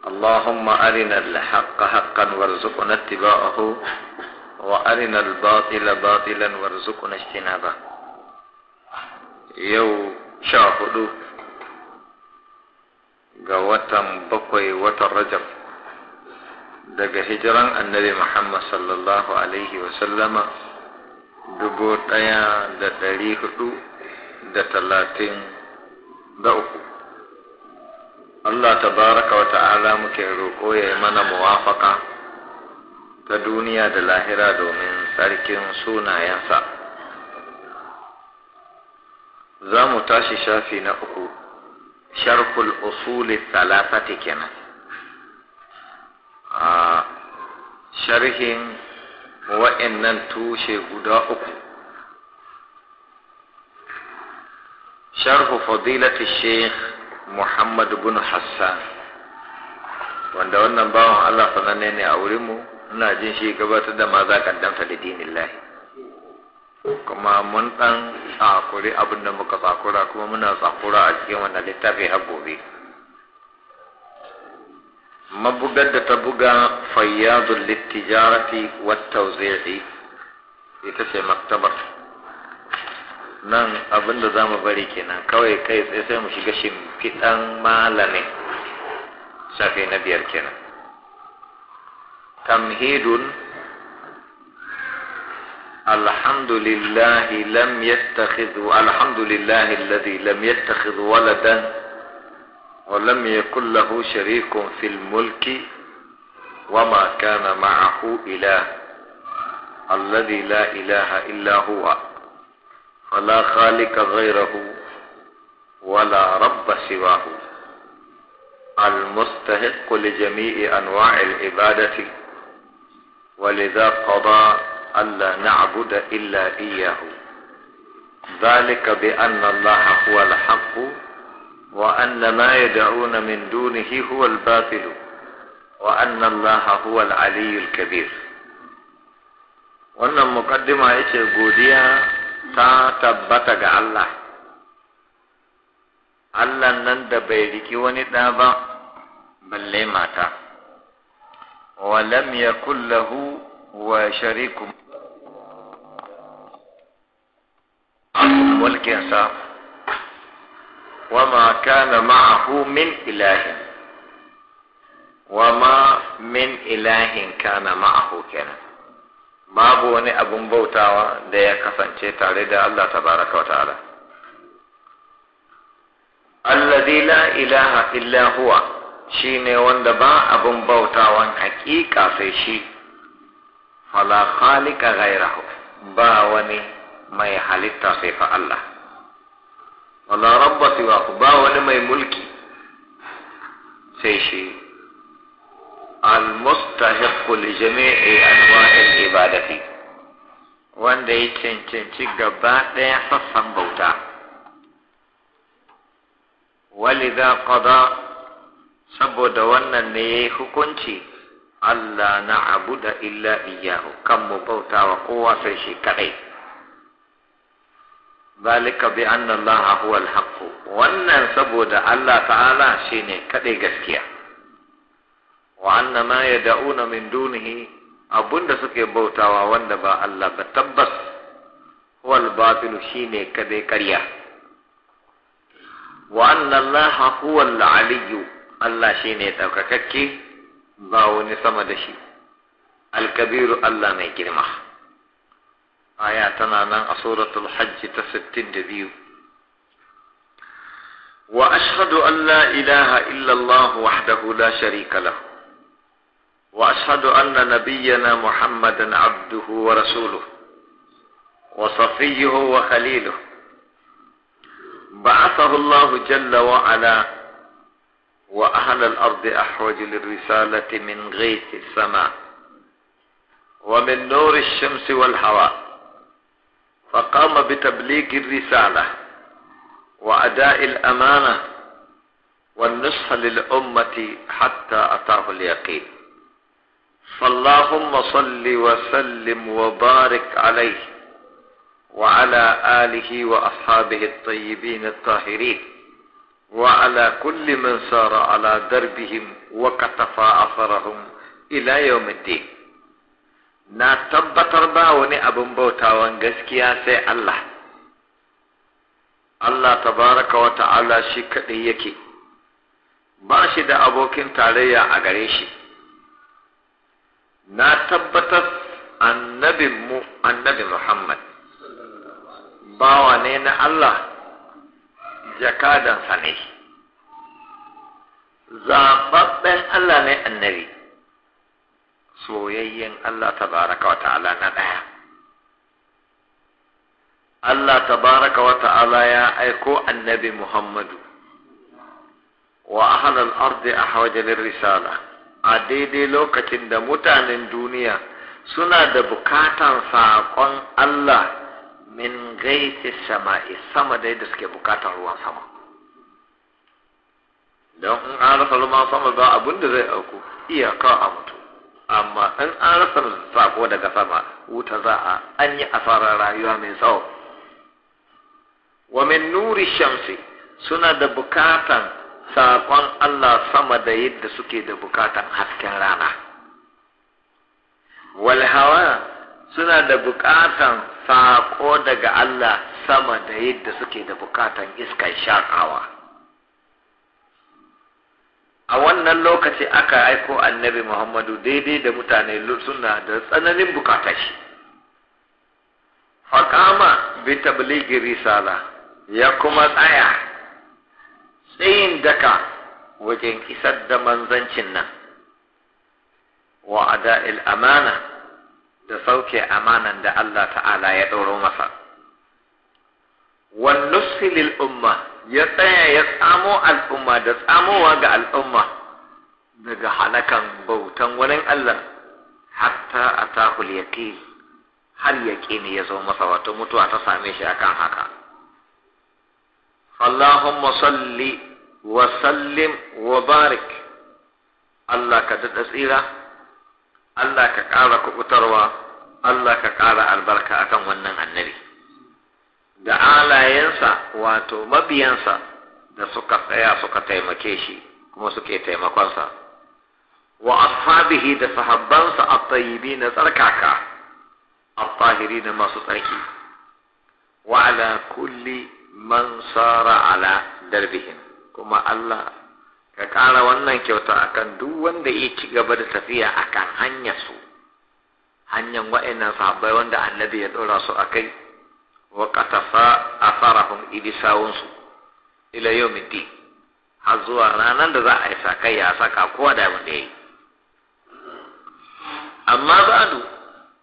اللهم أرنا الحق حقا وارزقنا اتباعه وأرنا الباطل باطلا وارزقنا اجتنابه يو شاهدو bakwai بقوي rajab. daga hijiran annabi Muhammad sallallahu Alaihi wasallama dubu ɗaya da ɗari hudu da talatin dauku. Allah tabaraka wa ta'ala muke roƙo ya yi mana muwafaka ta duniya da lahira domin sarkin sunayensa. Za mu tashi shafi na uku, sharkul usuli talafati kenan. A sharhin wa'annan tushe guda uku. Sharhu fadilati Sheikh muhammad bin hassan wanda wannan bawan allah sananne ne a wurin mu. ina jin shi gabatar da maza kaddamta da dinin lahi kuma mun dan tsakuri abin da muka tsakura kuma muna tsakura a cikin wannan littafi har gobe mabugar da ta buga fayyazul littijarati wat tawzi'i ita ce maktabar nan abinda za mu bari kenan kawai kai tsaye sai mu shiga shimfiɗan malamin shafi na biyar kenan tamhidun الحمد لله لم يتخذ الحمد لله الذي لم يتخذ ولدا ولم يكن له شريك في الملك وما كان معه إله الذي لا إله إلا هو فلا خالق غيره ولا رب سواه المستحق لجميع أنواع العبادة ولذا قضى ألا نعبد إلا إياه ذلك بأن الله هو الحق وأن ما يدعون من دونه هو الباطل وأن الله هو العلي الكبير wannan mukaddima yace godiya ta tabbata ga Allah Allah nan da bai riki wani da ba balle mata wa lam yakul lahu wa sharikum mulkinsa وما كان معه من إله وما min ilahin kana ma'ahu كان babu wani abun bautawa da ya kasance tare da Allah Ta baraka wa ta'ala allazi la ilaha illa huwa shine wanda ba abun bautawan hakika sai shi fala khaliqa ghayrahu ba wani mai halitta sai fa Allah wala rabba siwa ba wani mai mulki sai shi المستحق لجميع أنواع العبادة wanda ya cancanci gaba ɗaya sassan bauta walidha qada saboda wannan ne yayi hukunci Allah na abuda illa iyahu kan mu bauta shi kadai zalika bi anna Allah huwa al wannan saboda Allah ta'ala shine kaɗai gaskiya wa anna ma yad'una min dunihi abunda suke bautawa wanda ba Allah ba tabbas wal batilu shine kabe karya wa anna Allah huwal aliyyu Allah shine daukakakke ba wani sama da shi al-kabiru Allah mai girma aya tana nan a suratul hajj ta 62 wa ashhadu an la ilaha illa Allah wahdahu la sharika lahu وأشهد أن نبينا محمدا عبده ورسوله وصفيه وخليله بعثه الله جل وعلا وأهل الأرض أحوج للرسالة من غيث السماء ومن نور الشمس والهواء فقام بتبليغ الرسالة وأداء الأمانة والنصح للأمة حتى أتاه اليقين فاللهم صل وسلم وبارك عليه وعلى آله وأصحابه الطيبين الطاهرين وعلى كل من سار على دربهم وكتفى أثرهم إلى يوم الدين na tabbatar ba wani abin bautawan gaskiya sai Allah Allah tabaraka wa ta'ala shi kaɗai yake ba shi da abokin tarayya a gare shi na tabbatar annabin mu annabi Muhammad bawa ne na Allah jakadansa ne zaɓaɓɓen Allah ne annabi soyayyen Allah ta baraka wa ta'ala na ɗaya Allah ta baraka wa ta'ala ya aiko annabi Muhammadu wa ahalar ardi ahwaja lir risala a daidai lokacin da mutanen duniya suna da bukatan saƙon Allah min gaiti sama'i sama dai da suke bukatan ruwan sama don in an rasa ruwan sama ba abin da zai auku iyaka a mutu amma in an rasa sako daga sama wuta za a an yi asarar rayuwa mai tsawo wa min nuri shamsi suna da bukatan saƙon Allah sama da yadda suke da bukatan hasken rana walhawa suna da bukatan saƙo daga Allah sama da yadda suke da bukatan iskar shakawa a wannan lokaci aka aiko annabi Muhammadu daidai da mutane suna da tsananin bukatar shi Fakama bi tabligi risala ya kuma tsaya tsayin daka wajen kisar da manzancin nan wa ada'il amana da sauke amanan da Allah ta'ala ya ɗauro masa wa nusfi lil umma ya tsaya ya tsamo al'umma da tsamowa ga al'umma daga halakan bautan wani Allah hatta ya yaqin har ya yaqini ya zo masa wata mutuwa ta same shi akan haka Allahumma salli wa sallim wa barik Allah ka daɗa tsira Allah ka ƙara kuɓutarwa Allah ka ƙara albarka akan wannan annabi da alayensa wato mabiyansa da suka tsaya suka taimake shi kuma suke taimakonsa wa ashabihi da sahabbansa at-tayyibi na tsarkaka at-tahiri da masu tsarki wa ala kulli man sara ala darbihim kuma Allah ka ƙara wannan kyauta akan duk wanda ya ci gaba da tafiya akan hanyar su hanyar wa'annan sahabbai wanda annabi ya ɗora su a kai wa fara atharahum ibi sawunsu, ila yau yawmiddin har zuwa ranar da za a yi kai ya saka kowa da wanda yi amma ba'du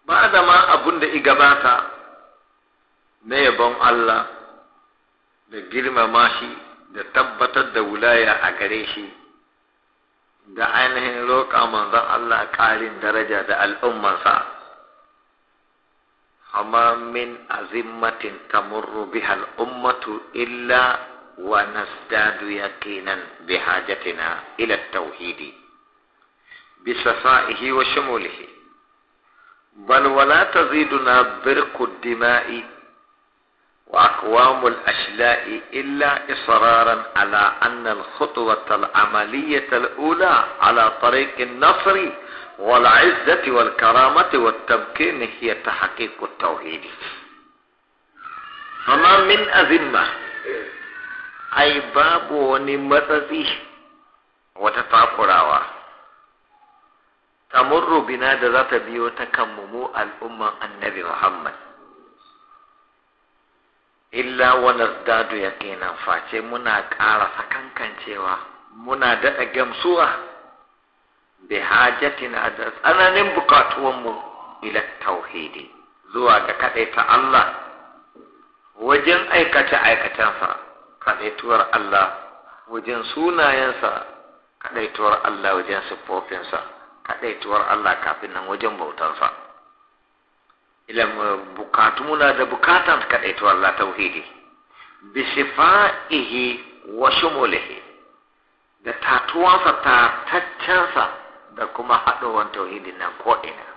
ba da ma abun da i gabata na yabon Allah da girmama shi da tabbatar da wulaya a gare shi da ainihin roƙa manzon Allah ƙarin daraja da al'ummansa amma min azimmatin tamurru biha al'ummatu illa wa nasdadu yaqinan bihajatina ila at-tauhidi بصفائه وشموله بل ولا تزيدنا برق الدماء وأقوام الأشلاء إلا إصرارا على أن الخطوة العملية الأولى على طريق النصر والعزة والكرامة والتمكين هي تحقيق التوحيد فما من أذمة أي باب ونمتذي وتتعقراوا تمر بنا ذات بيوتك ممو الأمة النبي محمد illa wanar dadu ya kenan face muna ƙara sakankancewa muna daɗa gamsuwa bi hajatina da tsananin bukatuwanmu ila tauhidi zuwa ga kaɗaita Allah wajen aikata-aikata aikacensa kaɗaituwar Allah wajen sunayensa kaɗaituwar Allah wajen siffofinsa kaɗaituwar Allah kafin nan wajen bautansa. ila bukatu na da bukatan kadaito Allah tauhidi bi shifaihi wa shumulihi da tatuwansa sa, da kuma haɗowan tauhidin nan ko ina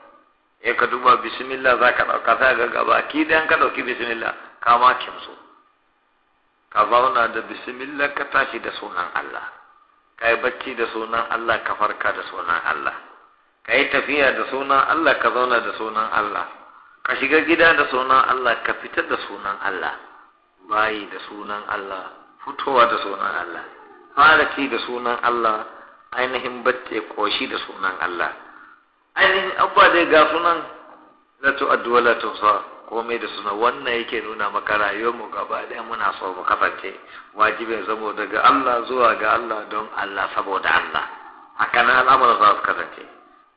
e ka duba bismillah za ka ɗauka sai ga gaba ki dan ka ɗauki bismillah ka ma kimso ka zauna da bismillah ka tashi da sunan Allah ka yi bacci da sunan Allah ka farka da sunan Allah ka yi tafiya da sunan Allah ka zauna da sunan Allah ka shiga gida da sunan Allah ka fitar da sunan Allah bayi da sunan Allah fitowa da sunan Allah faraki da sunan Allah ainihin bacce koshi da sunan Allah ainihin abba dai ga sunan la tu'addu la tuhsa komai da suna wannan yake nuna maka rayuwar mu gaba ɗaya muna so mu kasance wajibin zamo daga Allah zuwa ga Allah don Allah saboda Allah haka na al'amuran za su kasance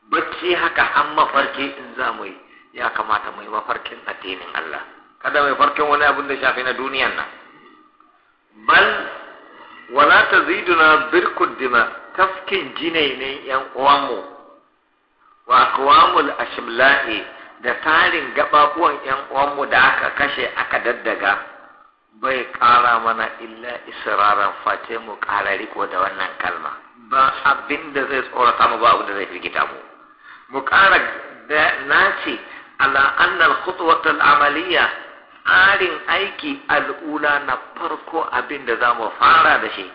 bacci haka an mafarki in za mu yi ya kamata mu yi mafarkin addinin Allah kada mai farkin wani abin da shafi na duniyan nan bal wala taziduna ziduna dima tafkin jinai ne yan uwanmu wa aqwamul ashmla'i da tarin gababuwan yan uwanmu da aka kashe aka daddaga bai kara mana illa israran face mu ƙara riko da wannan kalma ba abin zai tsorata mu ba abin da zai firgita mu mu ƙara da ce. ala annal khutwatul amaliya tsarin aiki al'ula na farko abin da za mu fara da shi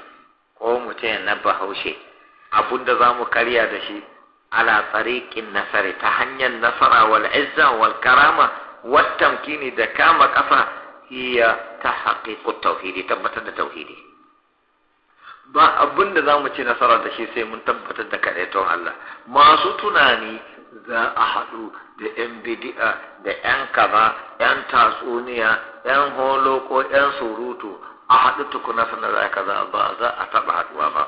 ko mu ce na bahaushe abin da za mu karya da shi ala tsariƙin nasari ta hanyar nasara wal izza wal karama kini da kama kafa iya ta haƙiƙu tauhidi tabbatar da tauhidi ba abin da za mu ci nasara da shi sai mun tabbatar da kaɗaiton Allah masu tunani za a haɗu da 'yan bidi'a da 'yan kaza 'yan tatsuniya 'yan holo ko 'yan surutu a haɗu tukuna sana za ka za ba za a taɓa haɗuwa ba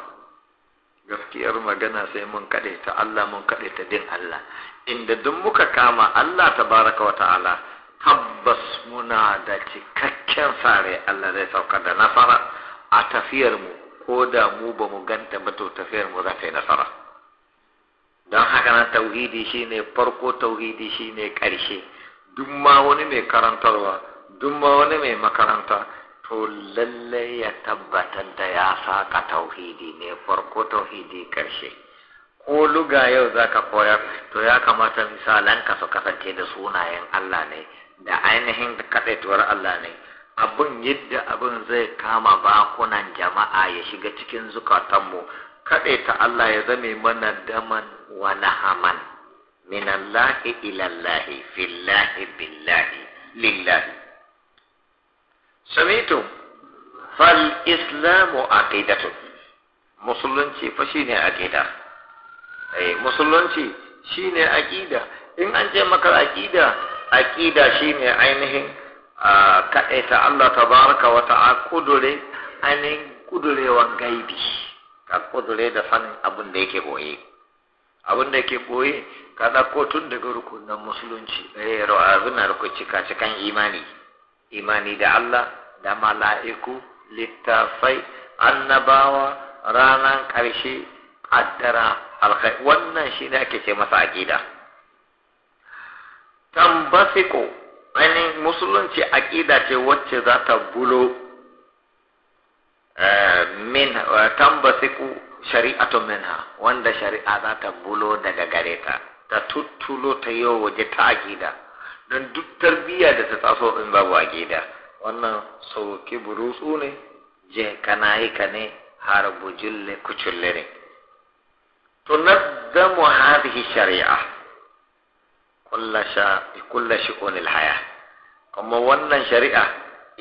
gaskiyar magana sai mun kaɗe ta Allah mun kaɗe ta din Allah inda duk muka kama Allah ta baraka wa ta'ala tabbas muna da cikakken sare Allah zai sauka da nasara a tafiyar mu ko da mu ba mu ganta ba to tafiyar mu za ta yi nasara don haka nan tauhidi shine farko tauhidi shine ƙarshe duk ma wani mai karantarwa duk ma wani mai makaranta to lalle ya tabbatar da ya saka tauhidi ne farko tauhidi ƙarshe ko luga yau zaka koyar to ya kamata misalan ka su kasance da sunayen Allah ne da ainihin kaɗaituwar Allah ne abin yadda abin zai kama bakunan jama'a ya shiga cikin zukatanmu kaɗaita Allah ya zame mana daman wa lahaman min Allah ila Allah fillahi billahi lillahi samitu fal islamu aqidatu musulunci fa shine aqida eh musulunci shine aqida in an ce maka aqida aqida shine ainihin kaɗaita Allah tabaraka wa ta'a kudure ainihin kudurewan gaibi ka kudure da sanin abin da yake boye abin da ke boye ka ɗauko tun daga rukunan musulunci eh abin rukunci cika cikan imani imani da Allah da mala'iku littafai annabawa ranan ƙarshe addara alkhai wannan shi ne ake ce masa aƙida tambasiko Wani musulunci aƙida ce wacce za ta bulo eh, min eh, tambasiku shari'atun minha wanda shari'a za ta bulo daga gare ta ta tuttulo ta yi waje ta akida don duk tarbiyya da ta taso in babu akida wannan sauke burutsu ne je kana ka ne har bujille kucille ne tunazzamu hadhihi shari'a kulla shari'a kulla haya kuma wannan shari'a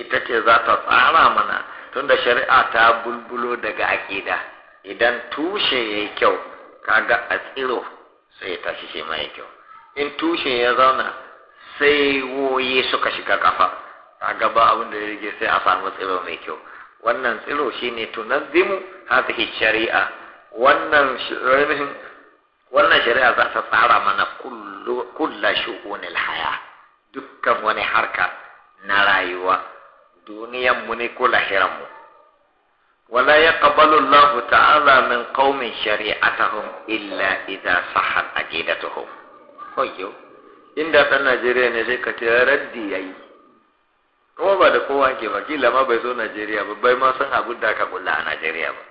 ita ce za ta tsara mana tunda shari'a ta bulbulo daga aƙida idan tushe ya yi kyau kaga a tsiro sai ya tashi shi mai kyau in tushe ya zauna sai woye suka shiga kafa kaga ba abin da ya rige sai a samu tsiro mai kyau wannan tsiro shine tunazzimu hadhihi shari'a wannan shari'a za ta tsara mana kulla shu'unil haya dukkan wani harka na rayuwa duniyanmu ne ko lahiran mu wala ya kabalu lahu ta'ala min qawmin shari'atahum illa idza sahat aqidatuhum oyo inda ta najeriya ne sai ka tira raddi yayi kuma ba da kowa ke ba ma bai zo najeriya ba bai ma san abun da ka kula a najeriya ba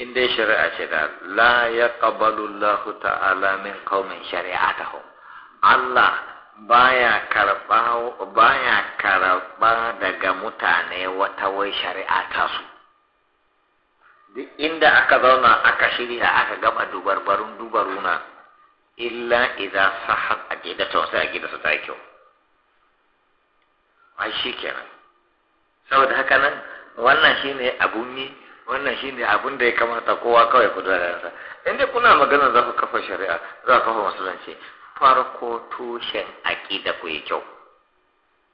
inda shari'a ce da la ya kabalu lahu ta'ala min qawmin allah baya karba baya karba daga mutane wata wai shari'a ta su duk inda aka zauna aka shirya aka gama dubarbarun dubaruna illa idza sahat aqidatu sai aqidatu ta kyau ai shikenan saboda haka nan wannan shine abun ni wannan shine abun da ya kamata kowa kawai ku da ransa inda kuna magana za ku kafa shari'a za ku kafa musulunci farko tushen aƙida ku yi kyau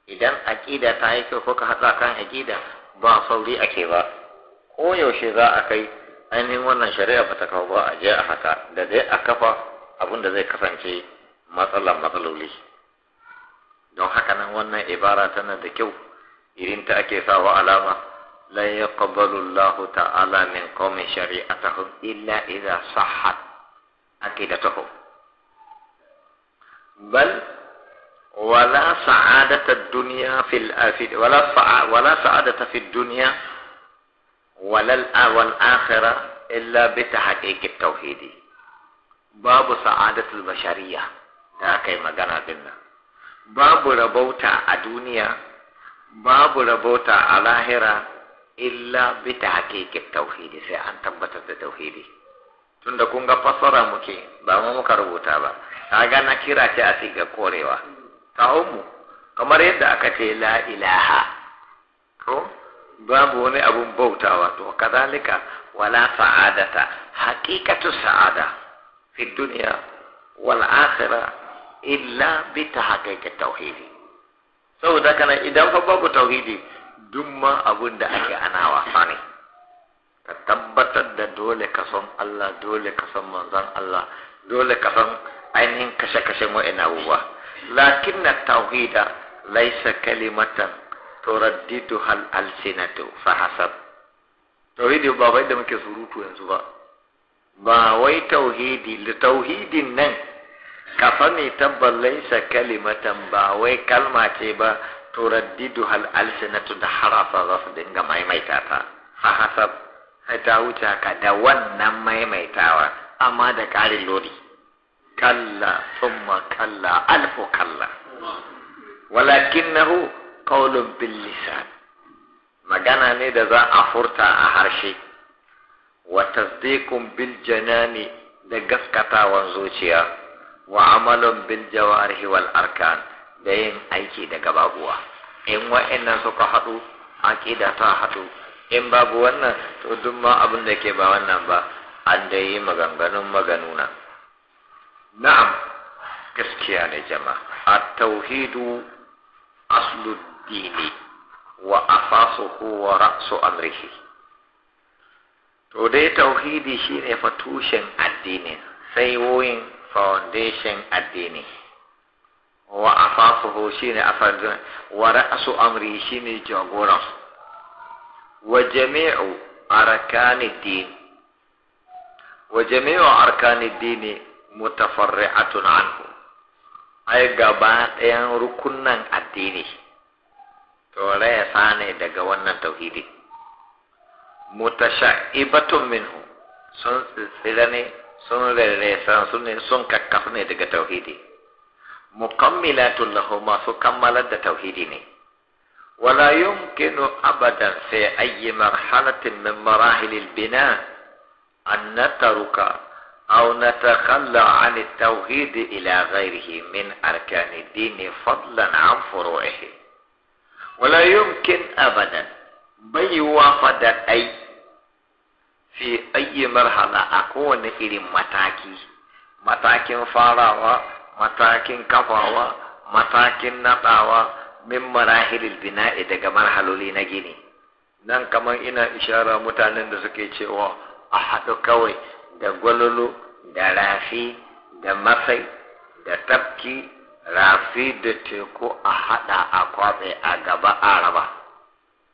idan aƙida ta yi kyau kuka haɗa kan aƙida ba sauri ake ba ko yaushe za a kai ainihin wannan shari'a ba ta kawo ba a je a haka da dai a kafa abin da zai kasance matsalar matsaloli don haka nan wannan ibara tana da kyau irin ta ake sawa alama la yaqbalu Allah ta'ala min qawmin shari'atahum illa idza sahhat aqidatuhum bal wala sa'adata dunya fil afid wala sa'a wala sa'adata fid dunya wala al awal ah, akhira illa bi tahqiq at tauhidi babu sa'adatu al bashariya da kai magana din nan babu rabauta a duniya babu rabauta a lahira illa bi tahqiq at tauhidi sai an tabbatar da tauhidi tunda kun ga fassara muke ba mu muka rubuta ba kaga na kira ce a siga korewa kawo mu kamar yadda aka ce la ilaha ko babu wani abun bautawa to kazalika wala sa'adata haqiqatu sa'ada fi dunya wal akhirah illa bi tahqiqat tauhidi saboda kana idan fa babu tauhidi Dumma abun da ake ana wasa ne ka tabbatar da dole ka san Allah dole ka san manzon Allah dole ka san ainihin kashe-kashen wa'in abubuwa lakin na tauhida laisa kalimatan turaddidu hal alsinatu hasab tauhidi ba bai da muke surutu yanzu ba ba wai tauhidi da tauhidin nan kafa mai tabbar laisa kalimatan ba wai kalma ce ba turaddidu hal alsinatu da harafa za su dinga maimaita ta Fa hasab ta wuce ka da wannan maimaitawa amma da ƙarin lori Kalla كلا kalla alfu kalla. كلا ولكنه قول باللسان magana ne da za a furta a harshe Wata tasdiqun bil janani da gaskatawan zuciya wa amalun bil jawarihi wal arkan da yin aiki daga babuwa. in wa'annan suka haɗu aqida ta haɗu in babu wannan to duk ma abin da ke ba wannan ba an da maganganun maganuna na'am gaskiya ne jama'a at-tauhidu aslu dini wa asasuhu wa ra'su amrihi to dai tauhidi shine fa tushen addini sai woyin foundation addini wa asasuhu shine afardin wa ra'su amri shine jagoran wa jami'u arkani din wa jami'u arkani dini mutafarri'atun anhu ai gaba ɗayan rukunan addini to raya sane daga wannan tauhidi mutasha'ibatun minhu sun tsira ne sun rarresa sun ne sun kakkafu ne daga tauhidi mukammilatun lahu masu kammalar da tauhidi ne wala yumkinu abadan sai ayyi marhalatin min marahilil bina an nataruka أو نتخلى عن التوحيد إلى غيره من أركان الدين فضلا عن فروعه ولا يمكن أبدا وفد أي في أي مرحلة أكون إلى متاكي متاكي فاراوة متاكي كفاوة متاكي نطاوة من مراحل البناء دقى مرحلة لنا جيني nan kamar ina ishara mutanen da suke cewa a haɗu kawai da gwalolo da rafi da masai da tafki rafi da teku a haɗa a kwaɓe a gaba a raba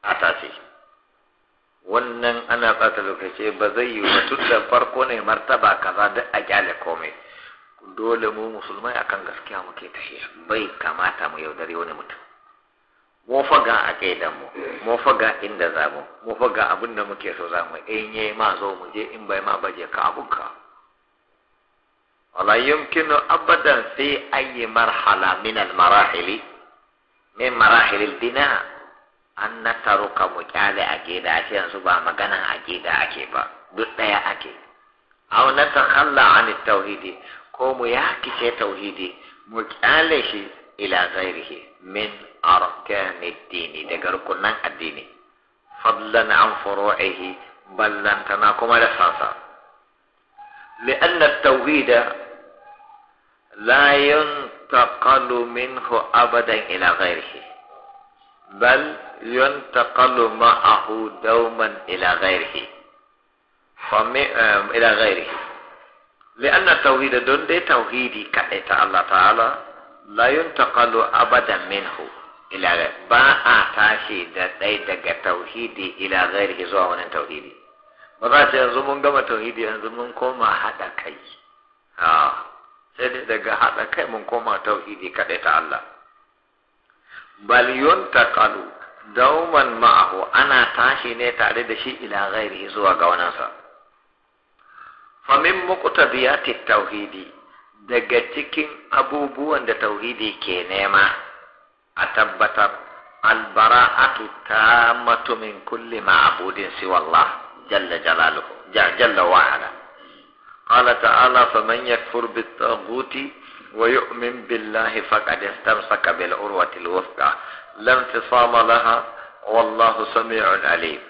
a tafi wannan ana ɓata lokaci ba zai yi wa tun da farko ne martaba kaza da a gyale komai dole mu musulmai akan gaskiya muke tafiya bai kamata mu yaudare wani mutum mu faga a kaidan mu inda za mu mu abin da muke so za mu in yayi ma zo mu je in bai ma baje ka ka. wala yumkinu abadan fi ayi marhala min al marahili min marahil al bina an taruka mu kyale a gida a yanzu ba magana a gida ake ba duk daya ake aw natakhalla an tauhidi ko mu yakice tauhidi mu kyale shi ila ghairihi min أركان الدين دقركم نان الدين فضلا عن فروعه بل لن تناكم لساسا لأن التوحيد لا ينتقل منه أبدا إلى غيره بل ينتقل معه دوما إلى غيره إلى غيره لأن التوحيد دون دي توحيدي كأيت الله تعالى لا ينتقل أبدا منه ila ba a tashi da ɗai daga tauhidi ila ghairihi zuwa wani tauhidi ba za ta yanzu mun gama tauhidi yanzu mun koma haɗa kai sai dai daga haɗa kai mun koma tauhidi kaɗai ta Allah bal yuntaqalu dauman ma'ahu ana tashi ne tare da shi ila gairi zuwa ga sa fa min muqtadiyati tauhidi daga cikin abubuwan da tauhidi ke nema a tabbatar albara'atu tammatu min kulli ma'budin siwa Allah jalla jalaluhu jalla قال تعالى فمن يكفر بالطاغوت ويؤمن بالله فقد استمسك بالعروة الوثقى لا انفصام لها والله سميع عليم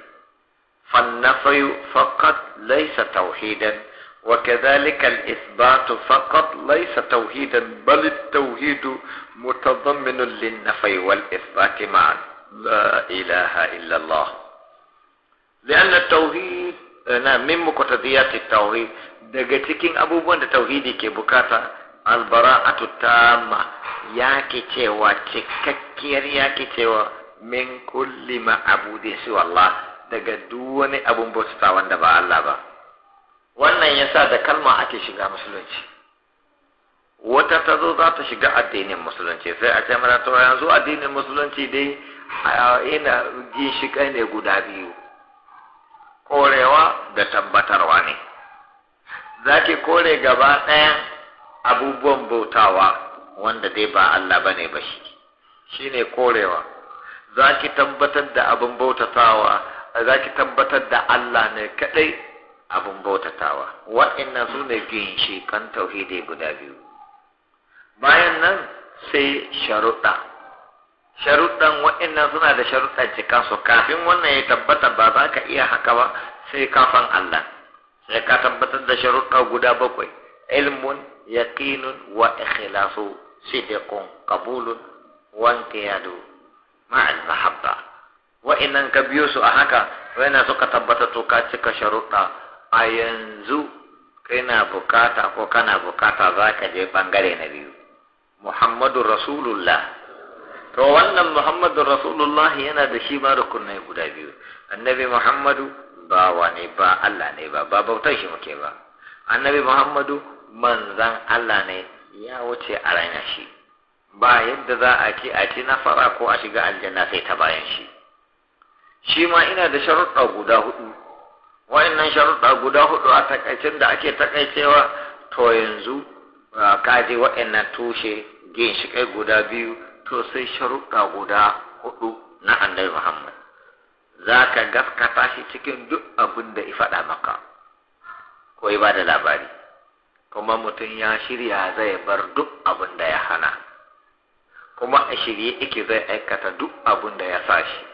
فالنفي فقط ليس توحيدا وكذلك الإثبات فقط ليس توحيدا بل التوحيد متضمن للنفي والإثبات معا لا إله إلا الله لأن التوحيد na min muqtadiyat tauhid daga cikin abubuwan da tauhidi ke bukata albara'atu tamma yake cewa cikakkiyar yake cewa min kulli ma'budin siwa Allah daga duk wani abun bauta wanda ba Allah ba wannan yasa da kalma ake shiga musulunci wata ta zo za ta shiga addinin musulunci sai a ce mana to yanzu addinin musulunci dai yana ginshiƙa ne guda biyu korewa da tabbatarwa ne za ki kore gaba ɗaya abubuwan bautawa wanda dai ba Allah ba ne ba shi ne korewa za ki tabbatar da abin bautatawa za ki tabbatar da Allah ne kaɗai abin bautatawa waɗannan su ne ginshiƙan tauhidi guda biyu bayan nan sai sharuɗa sharuɗan wa'annan suna da sharuɗan cikansu kafin wannan ya tabbata ba za ka iya haka ba sai kafan Allah sai ka tabbatar da sharuɗa guda bakwai ilmun yaqinun wa ikhlasu sidqun qabulun wa inqiyadu ma'al mahabba wa'annan ka biyo su a haka wa'annan suka tabbata to ka cika sharuɗa a yanzu na bukata ko kana bukata za ka je bangare na biyu Muhammadu Rasulullah to wannan Muhammadu Rasulullah yana da shi ma rukunai guda biyu annabi Muhammadu ba ne ba Allah ne ba ba bautar shi muke ba annabi Muhammadu manzan Allah ne ya wuce a ranar shi ba yadda za a ce a ce na fara ko a shiga aljanna sai ta bayan shi shi ma ina da sharuɗa guda hudu wa'annan sharuɗa guda hudu a takaicin da ake takaicewa to yanzu Ah, kaji waɗannan tushe ginshiƙai guda biyu to sai sharuɗa guda hudu na annabi Muhammad za ka gaskata shi cikin duk abin da faɗa maka ko ba da labari kuma mutum ya shirya zai bar duk abin da ya hana kuma a shirye ike zai aikata duk abin da ya shi.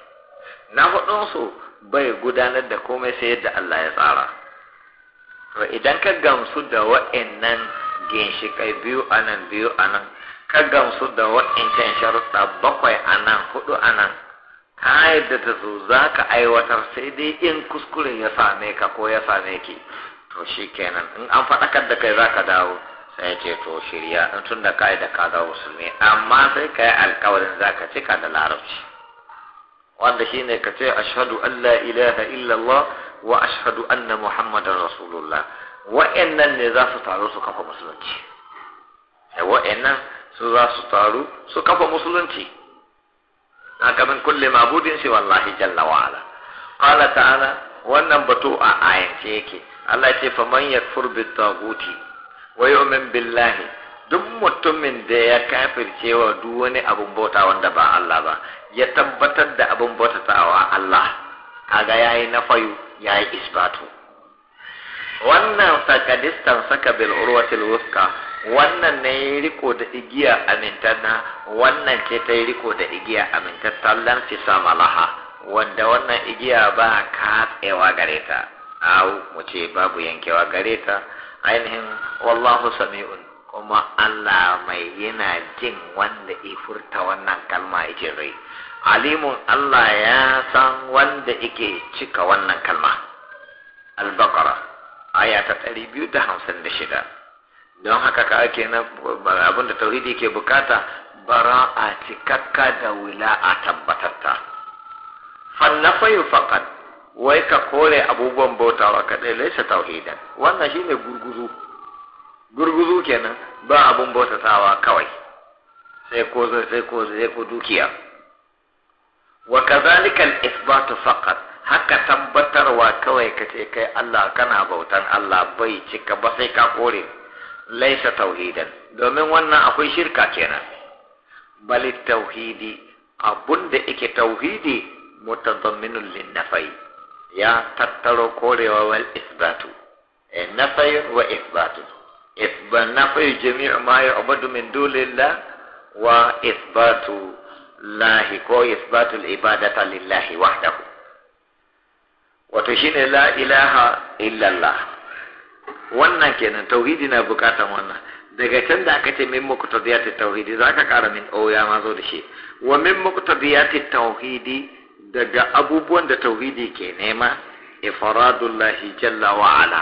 na hudunsu bai gudanar da komai sai yadda Allah ya tsara to idan ka gamsu da wa'annan kai biyu a nan biyu a nan ka gamsu da wa'incan sharuɗa bakwai a nan hudu a nan ka yadda ta zo za ka aiwatar sai dai in kuskure ya same ka ko ya same ki to shi kenan in an faɗakar da kai za ka dawo sai ce to shirya in tun da ka da ka dawo ne amma sai ka yi alkawarin za ka cika da larabci wanda shi ne ka ce ashadu an la ilaha illallah wa ashadu anna muhammadan rasulullah wa'annan ne za su taru su kafa musulunci wa'annan su za su taru su kafa musulunci na kamin kulle mabudin shi wallahi jalla wa'ala qala ta'ala wannan batu a ayance yake Allah ya ce man yakfur bit taguti wa yu'min billahi duk mutumin da ya kafirce wa duk wani abun bauta wanda ba Allah ba ya tabbatar da abun bauta wa Allah kaga yayi nafayu yayi isbatu wannan sakadistan saka bil urwatil wuska wannan ne ya riko da igiya amintanna wannan ce ta yi riko da igiya amintatta lan fi laha. wanda wannan igiya ba katsewa gare ta au mu ce babu yankewa gare ta ainihin wallahu sami'un kuma Allah mai yana jin wanda ya furta wannan kalma yake rai alimun Allah ya san wanda yake cika wannan kalma al-baqara aya ta ɗari biyu da hamsin da shida don haka ka ake na abin da tauhidi ke bukata bara a cikakka da wula a tabbatatta fannafayu faƙan, wai ka kore abubuwan bautawa kaɗai laisa tauhidan wannan shi ne gurguzu gurguzu kenan ba abun bautatawa kawai sai ko sai ko sai ko dukiya wa kadhalika al-ithbatu faqat haka tabbatarwa kawai ka ce kai Allah kana bautan Allah bai cika ba sai ka kore laisa tauhidan domin wannan akwai shirka kenan bali tauhidi abunda yake tauhidi mutadamminun linnafai ya tattaro korewa wal isbatu e, nafai wa isbatu isbat nafai jami'u ma ya'budu min dulillah wa isbatu lahi ko isbatul ibadata lillahi wahdahu wato shine la ilaha illallah wannan kenan tauhidi na bukatan wannan daga can da aka ce min muqtadiyati tauhidi za ka kara min oya oh, ma zo da shi wa min muqtadiyati tauhidi daga abubuwan da tauhidi ke nema ifradullahi jalla wa ala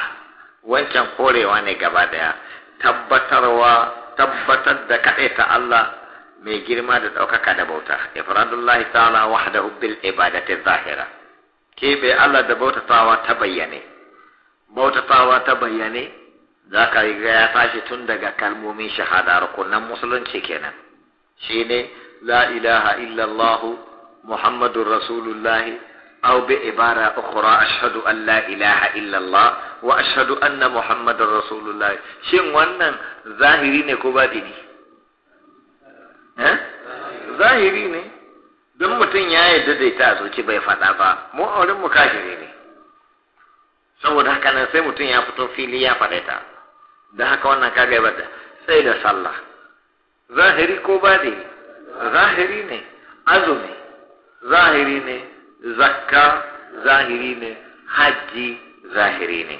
wancan korewa ne gaba daya tabbatarwa tabbatar da ta Allah mai girma da ɗaukaka da bauta ifradullahi ta'ala wahdahu bil ibadati zahira keɓe Allah da bautatawa ta bayyane bautatawa ta bayyane za ka riga ya tashi tun daga kalmomin shahada rukunan musulunci kenan shi ne la ilaha illallahu muhammadun ibara أو بعبارة an la ilaha illallah wa إلا الله وأشهد muhammadu محمد رسول wannan شين وانا ظاهرين كبادني zahiri ne don mutum ya yarda da ita a zuci bai faɗa ba mu aurin mu kafiri ne saboda haka nan sai mutum ya fito fili ya faɗa ta da haka wannan kaga ya bada sai da sallah zahiri ko bade zahiri ne azumi zahiri ne zakka zahiri ne hajji zahiri ne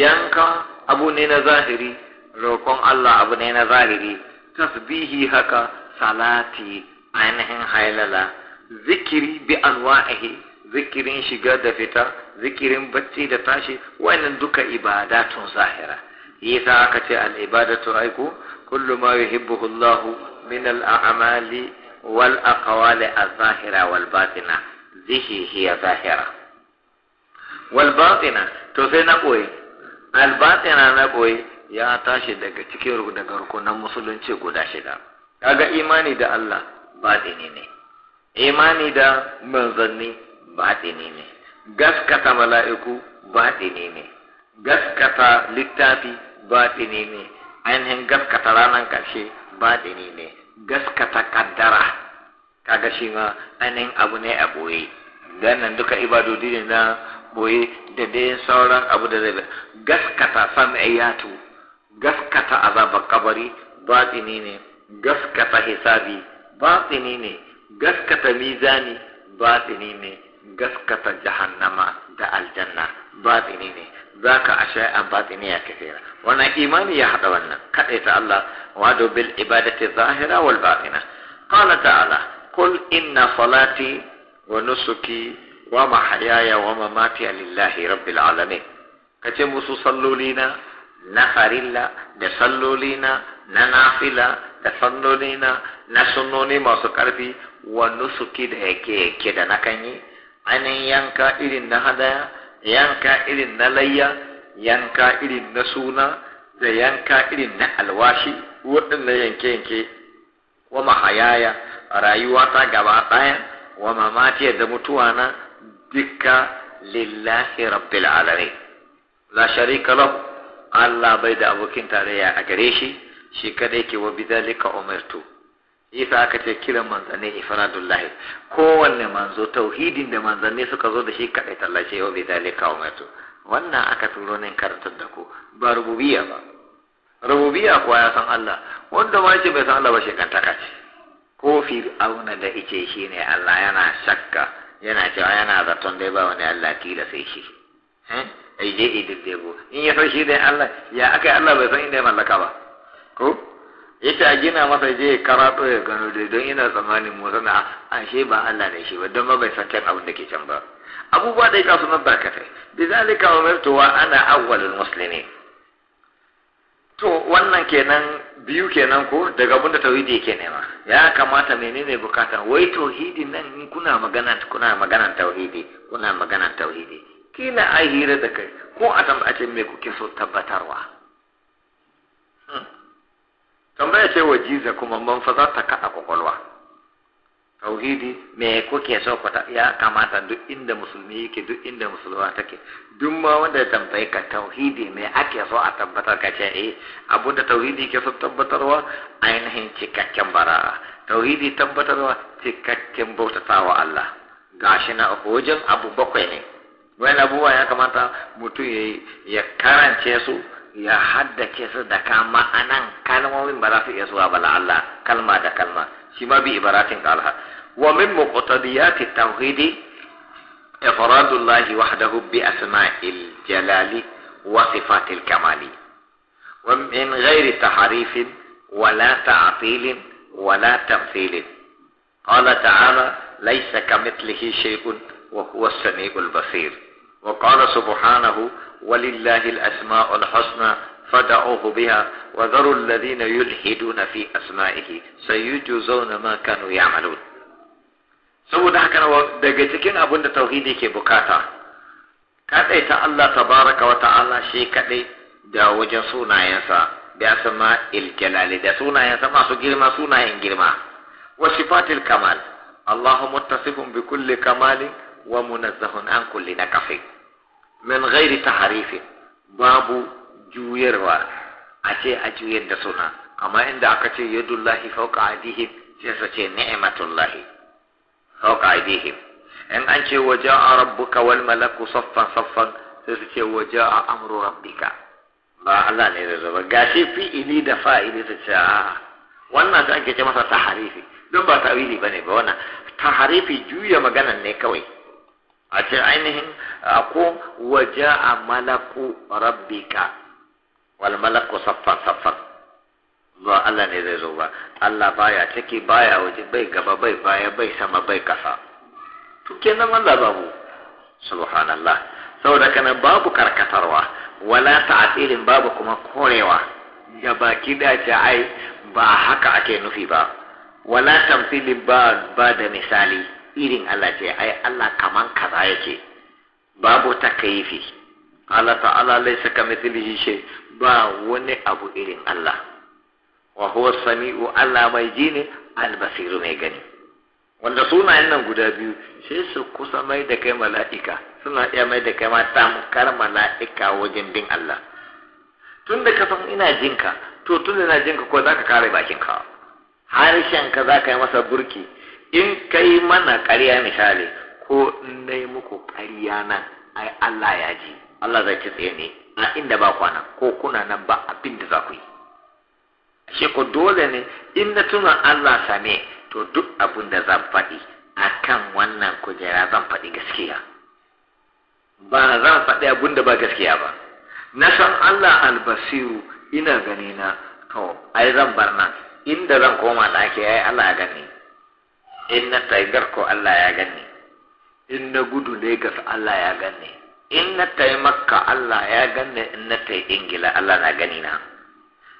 yanka abu ne na zahiri roƙon Allah abu ne na zahiri tasbihi haka salati ainihin hailala zikiri bi anwa'ihi zikirin shiga da fita zikirin bacci da tashi wannan duka ibadatun zahira yasa aka ce al ibadatu aiku kullu ma yuhibbuhu Allah min al a'mali wal aqwali al zahira wal batina zihi hiya zahira wal batina to sai na koyi al batina na koyi ya tashi daga cikin daga rukunan musulunci guda shida kaga imani da Allah baɗini ne imani da manzanni baɗini ne gaskata mala'iku baɗini ne gaskata littafi baɗini ne ainihin gaskata ranar ƙarshe baɗini ne gaskata kaddara kaga shi ma ainihin abu ne a ɓoye nan duka ibadodi ne na ɓoye da dai sauran abu da zai gaskata sam'iyatu gaskata azabar kabari baɗini ne gaskata hisabi باطنی نے گسکت میزانی باطنی نے گسکت جہنما دا الجنہ باطنی نے ذاك أشياء باطنية كثيرة وانا إيمان يحدى وانا قلت الله وعدوا بالعبادة الظاهرة والباطنة قال تعالى قل إن صلاتي ونسكي ومحياي ومماتي لله رب العالمين كتموس صلوا لنا نفر الله نصلوا لنا ننافلا نصلوا لنا na sunnoni masu ƙarfi wa suke da yake yake da na kan yi anin yanka irin na hadaya yanka irin na layya yanka irin na suna da yanka irin na alwashi na yanke-yanke wa mahayaya rayuwa ta gaba ɗaya wa mamatiya da mutuwa na dukka lillahi rabbil alamin la sharika lahu Allah bai da abokin tarayya a gare shi shi kadai ke wa bidalika umartu. isa aka ce kiran manzanni ifradullahi kowanne manzo tauhidin da manzanni suka zo da shi kaɗai tallace yau bai zalika wa wannan aka turo ne karantar da ku ba rububiya ba rububiya kuwa ya san Allah wanda ma yake bai san Allah ba shekantaka ce ko auna da ice shi ne Allah yana shakka yana cewa yana zaton dai ba wani Allah kila sai shi eh? ai je ididdebo in ya san shi dai Allah ya akai Allah bai san inda ya mallaka ba ko yace a gina masa je karato ya gano dai don ina tsammanin mu sana ashe ba Allah ne shi ba don ma bai san kan abin da ke can ba abubuwa da ya su nan barkatai bizalika umirtu wa ana awwalul muslimin to wannan kenan biyu kenan ko daga abin da tauhidi yake nema ya kamata menene bukata wai tauhidi nan in kuna magana kuna magana tauhidi kuna magana tauhidi Kina a hira da kai ko a tambace me kuke so tabbatarwa tambaya ce wa jiza kuma man fa za ta a kwakwalwa tauhidi me kuke so ku ya kamata duk inda musulmi yake duk inda musulma take duk ma wanda ya tambaye ka tauhidi me ake so a tabbatar ka ce eh abu da tauhidi ke so tabbatarwa ainihin cikakken bara'a tauhidi tabbatarwa cikakken bautatawa Allah gashi na uku wajen abu bakwai ne wani abubuwa ya kamata mutum ya karance su يا حد su da kama anan kalmomin ba za su iya zuwa كلمة la'alla kalma da kalma shi ma bi ibaratin alha افراد الله وحده باسماء الجلال وصفات الكمال ومن غير تحريف ولا تعطيل ولا تمثيل قال تعالى ليس كمثله شيء وهو السميع البصير وقال سبحانه ولله الأسماء الحسنى فدعوه بها وذروا الذين يلحدون في أسمائه سيجزون ما كانوا يعملون saboda haka daga cikin abin da tauhidi ke bukata kaɗai ta Allah tabaraka wa ta'ala shi kadai. da wajen sunayensa bi asma il jalali da sunayensa masu girma sunayen girma wa sifatil kamal Allahu muttasifun bi kulli kamalin wa munazzahun an kulli kafi. min ghairi taharifin babu juyarwa a ce a juyar da suna amma inda aka ce yadullahi fauka adihim sai su ce ni'matullahi fauka adihim in an ce waje a rabbuka wal malaku saffan saffan sai su ce waje a ba Allah ne zai zaba gashi fi'ili da fa'ili su ce a wannan da ake ce masa taharifi don ba tawili bane ba wannan taharifi juya maganan ne kawai a ce ainihin ko waje a malaku rabbika wal malaku saffan saffan ba Allah ne zai zo ba Allah baya ciki baya waje bai gaba bai baya bai sama bai kasa to kenan Allah babu subhanallah saboda kana babu karkatarwa wala ta'tilin babu kuma korewa da baki ce ai ba haka ake nufi ba wala tamthilin ba ba da misali irin Allah ce ai Allah kaman kaza yake babu takayifi Allah ta'ala laysa kamithlihi shay ba wani abu irin Allah wa huwa sami'u Allah mai ji ne albasiru mai gani wanda suna nan guda biyu sai su kusa mai da kai mala'ika suna iya mai da kai ma tamkar mala'ika wajen bin Allah tun da ka san ina jinka to tun da ina jinka ko za kare bakinka harshenka za ka yi masa burki in kai mana ƙarya misali ko in na yi muku ƙarya nan ai Allah ya ji Allah zai ci tsaye ne a inda ba kwana ko kuna nan ba abin da za ku yi shi ko dole ne in na tuna Allah same to duk abin da zan faɗi a kan wannan kujera zan faɗi gaskiya ba zan faɗi abin da ba gaskiya ba na san Allah albasiru ina gani na to ai zan bar nan inda zan koma da ake ai Allah ya gani in na taigar ko Allah ya gani in na gudu Legas Allah ya gani in na tai Makka Allah ya gani in na tai Ingila Allah na gani na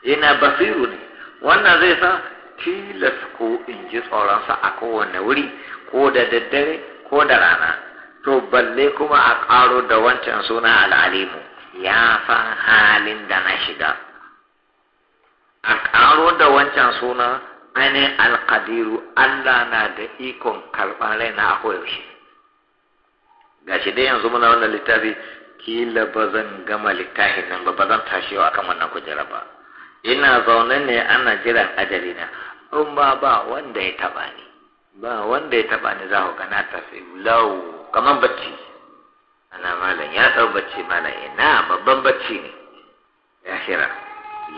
ina basiru ne wannan zai sa tilas ko in ji tsoronsa a kowane wuri ko da daddare ko da rana to balle kuma a ƙaro da wancan suna al'alimu ya san halin da na shiga a ƙaro da wancan suna ainihin alkadiru Allah na da ikon karɓar rai na koyaushe ga shi dai yanzu muna wannan littafi kila ba zan gama littafi nan ba ba zan wa akan wannan kujera ba ina zaune ne ana jiran ajali na in ba ba wanda ya taba ni ba wanda ya taba ni za ku gana tafi lau kamar bacci ana malam ya tsau bacci malam ina babban bacci ne ya shira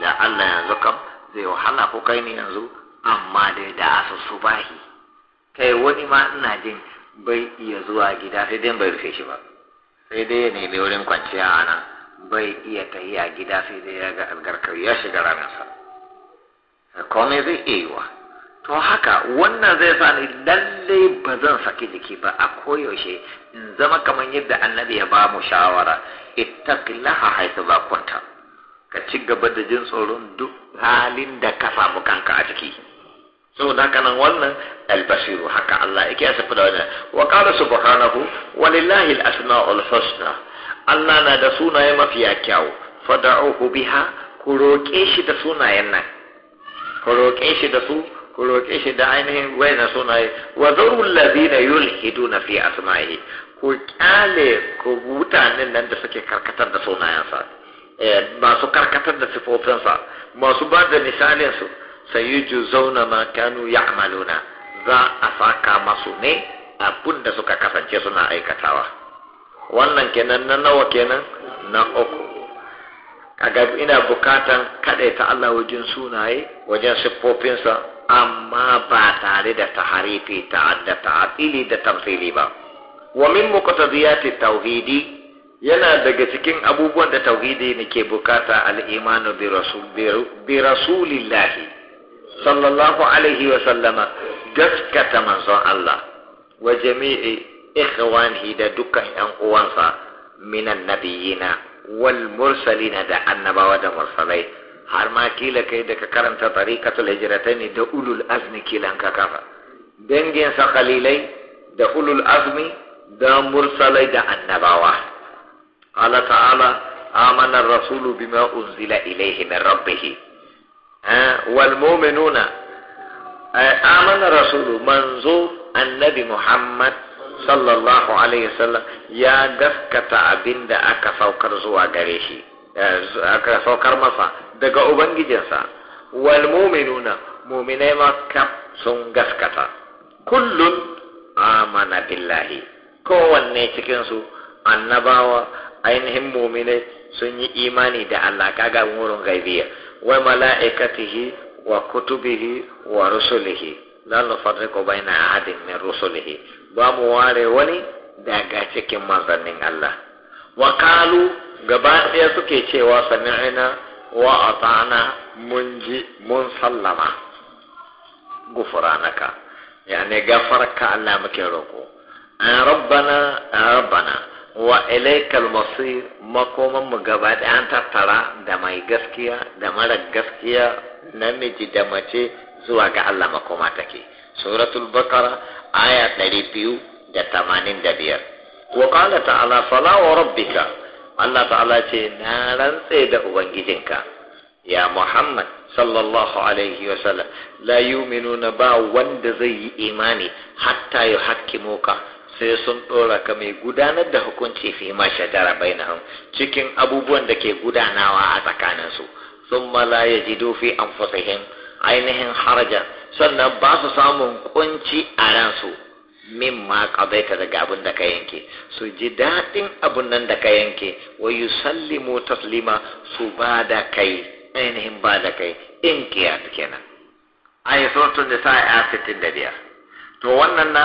la Allah yanzu kam zai wahala ko kai ni yanzu amma dai da asusu bahi kai wani ma ina jin bai iya zuwa gida sai dai bai rufe shi ba sai dai ya nemi wurin kwanciya a nan bai iya tahiya gida sai dai ya ga algarkar ya shiga ranar sa. kome zai iya yiwa to haka wannan zai sa ni lallai ba zan saki jiki ba a koyaushe in zama kamar yadda annabi ya ba mu shawara ittaqillaha haythu ba kunta ka ci gaba da jin tsoron duk halin da ka samu kanka a ciki saboda haka nan wannan albasiru haka Allah yake ya sabu da wannan wa qala subhanahu walillahi al-asma'ul husna Allah na da sunaye mafiya kyau fad'uhu biha ku roke shi da sunayen nan ku roke shi da su ku roke shi da ainihin wayna sunaye wa allazina yulhiduna fi asma'ihi ku kale ku mutanen nan da suke karkatar da sunayensa eh, masu karkatar da sifofinsa masu ba da misalinsu sayujzauna ma kanu ya'maluna za a saka masu ne abun da suka kasance suna aikatawa wannan kenan na nawa kenan na uku kaga ina bukatan ta Allah wajen sunaye wajen siffofinsa amma ba tare da ta taharifi ta'adda ta'atili da tamsili ba wa min muqtadiyati tauhidi yana daga cikin abubuwan da tauhidi ne ke bukata al'imanu bi rasulillahi sallallahu alaihi wa sallama gaskata manzon Allah wa jami'i ikhwanihi da dukkan yan uwansa minan nabiyina wal mursalina da annabawa da mursalai har ma kila kai da ka karanta tariqatul hijratain da ulul azmi kilan ka kafa dangin sa qalilai da ulul azmi da mursalai da annabawa qala ta'ala amana ar-rasulu bima unzila ilayhi min rabbih Eh, walmuminuna eh, amana rasulu manzo annabi muhammad sallallahu alaihi wasallam ya gaskata abinda aka saukar zuwa gare shi eh, aka saukar masa daga ubangijinsa walmuminuna mu'minai ma kaf sun gaskata kullun amana billahi kowanne cikinsu annabawa ainihin mu'minai sun yi imani da Allah kaga wurin gaibiya wa mala'ikatihi wa kutubihi wa rusulihi la nufarriqu baina ahadin min rusulihi ba mu ware wani daga cikin manzannin Allah wa qalu gaba ɗaya suke cewa samiina wa ata'na mun ji mun sallama gufranaka yani gafarka Allah muke roko an rabbana rabana. wa ilaikal masir makoman mu gaba da an tattara da mai gaskiya da mara gaskiya namiji da mace zuwa ga Allah makoma take suratul baqara aya 285 wa qala ta'ala fala wa rabbika Allah ta'ala ce na rantse da ubangijinka ya Muhammad sallallahu alaihi wa sallam la yu'minuna ba wanda zai yi imani hatta yuhaqqimuka sai sun ɗora ka mai gudanar da hukunci fi ma shajara bainahum cikin abubuwan da ke gudanawa a tsakanin su sun mala ya ji dofi an fasahin ainihin harajar sannan ba su samun kunci a ransu min ma ta daga abin da ka yanke su ji daɗin abin nan da ka yanke wa yusallimu taslima su ba da kai ainihin ba da kai in kiya kenan a yi sautin da sa'a 65 to wannan na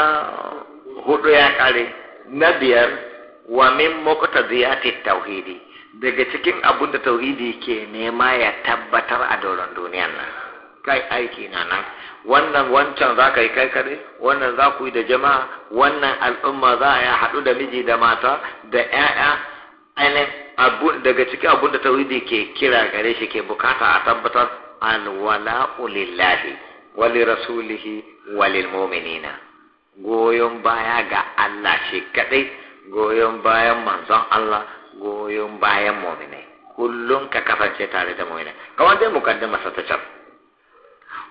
hudu ya kare na biyar wa min muqtadiyati tauhidi daga cikin abun da tauhidi ke nema ya tabbatar a doron duniyan nan kai aiki na nan wannan wancan za ka yi kai kare wannan za ku yi da jama'a wannan al'umma za a haɗu da miji da mata da 'ya'ya daga cikin abun da tauhidi ke kira gare shi ke bukata a tabbatar alwala'u lillahi ulillahi wali rasulihi goyon baya ga Allah shi kadai goyon bayan manzon Allah goyon bayan mu'mine kullum ka kasance tare da mu'minai kamar dai mukaddima sa ta can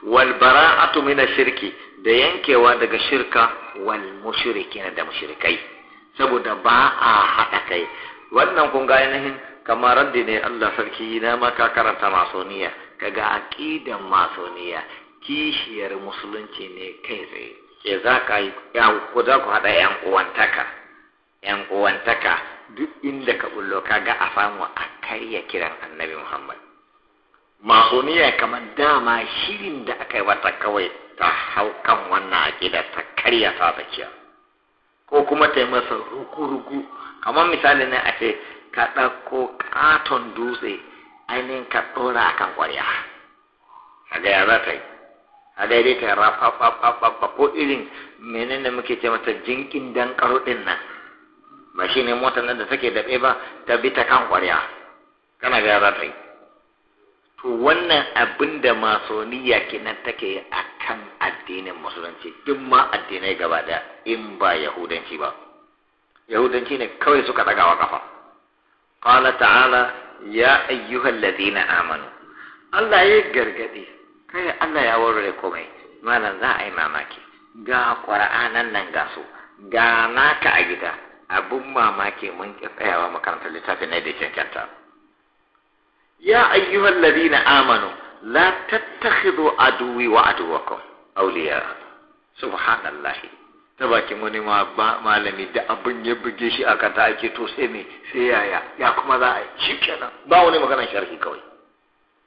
wal bara'atu min shirki da yankewa daga shirka wal mushrikina da mushrikai saboda ba a haɗa kai wannan kun ga ainihin kamar da ne Allah sarki na ma ka karanta masoniya kaga aqidan masoniya kishiyar musulunci ne kai tsaye ke za ka yi ku za ku haɗa yan uwantaka yan uwantaka duk inda ka bullo ka ga a famu a karya kiran annabi muhammad masu kamar dama shirin da aka yi wata kawai ta hau kan wannan aƙida ta karya ta tsakiya ko kuma ta yi masa rugu kamar misali ne a ce ka ɗauko katon dutse ainihin ka ɗora akan ƙwarya a ga za ta yi a daidai ta rafafafafafa ko irin menene muke ce mata jinkin dan karo din nan ba shi ne motar nan da take daɓe ba ta bi ta kan kwarya kana ga za ta yi to wannan abin da masoniya kenan take a kan addinin musulunci duk ma addinai gaba da in ba yahudanci ba yahudanci ne kawai suka wa kafa qala ta'ala ya ayyuhal ladina amanu Allah ya gargaɗe kai Allah ya warware komai malam za a yi mamaki ga ƙura'anan nan ga su ga naka a gida abun mamaki mun ƙi tsayawa makarantar littafin na da cancanta ya ayyuhal ladina amanu la tattakhidhu aduwi wa aduwakum awliya subhanallahi ta bakin wani malami da abin ya buge shi a kanta ake to sai me sai yaya ya kuma za a yi shi kenan ba wani maganar sharhi kawai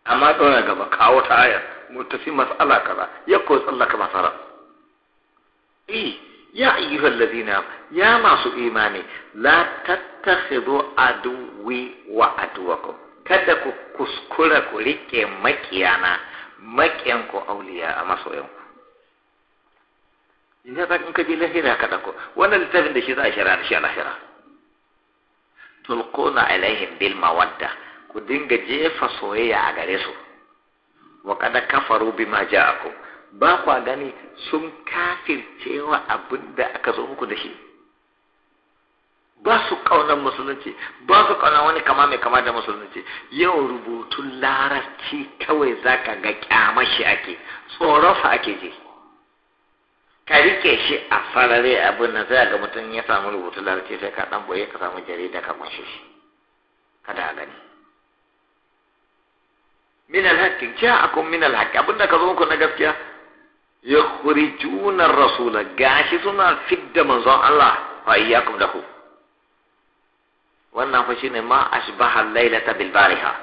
amma tsawon gaba kawo ta ayar mu tafi mas'ala kaza ya ko tsallaka masara E, eh, ya ayyuhal ladina ya masu imani la tattakhidu aduwi wa aduwakum kada ku kuskura ku rike makiyana ku auliya a masoyanku idan ka in ka bi lahira ka dako wannan littafin da shi za a shara da shi a lahira tulquna alaihim bil mawadda ku dinga jefa soyayya a gare su wa kada kafaru bima ja'akum ba kwa gani sun kafircewa abin da aka zo muku da shi ba su kaunar musulunci ba su kaunar wani kama mai kama da musulunci yau rubutun larabci kawai za ka ga kyamashi ake tsoronsa ake ji ka rike shi a farare abin nan sai ga mutum ya samu rubutun larabci sai ka dan boye ka samu jarida ka kunshe shi kada a gani من الهك جاءكم من الهك ابن كذبوا كنا جفكيا يخرجون الرسول جاشي سنا فد منظر الله وإياكم له وانا فشين ما أشبه الليلة بالبارحة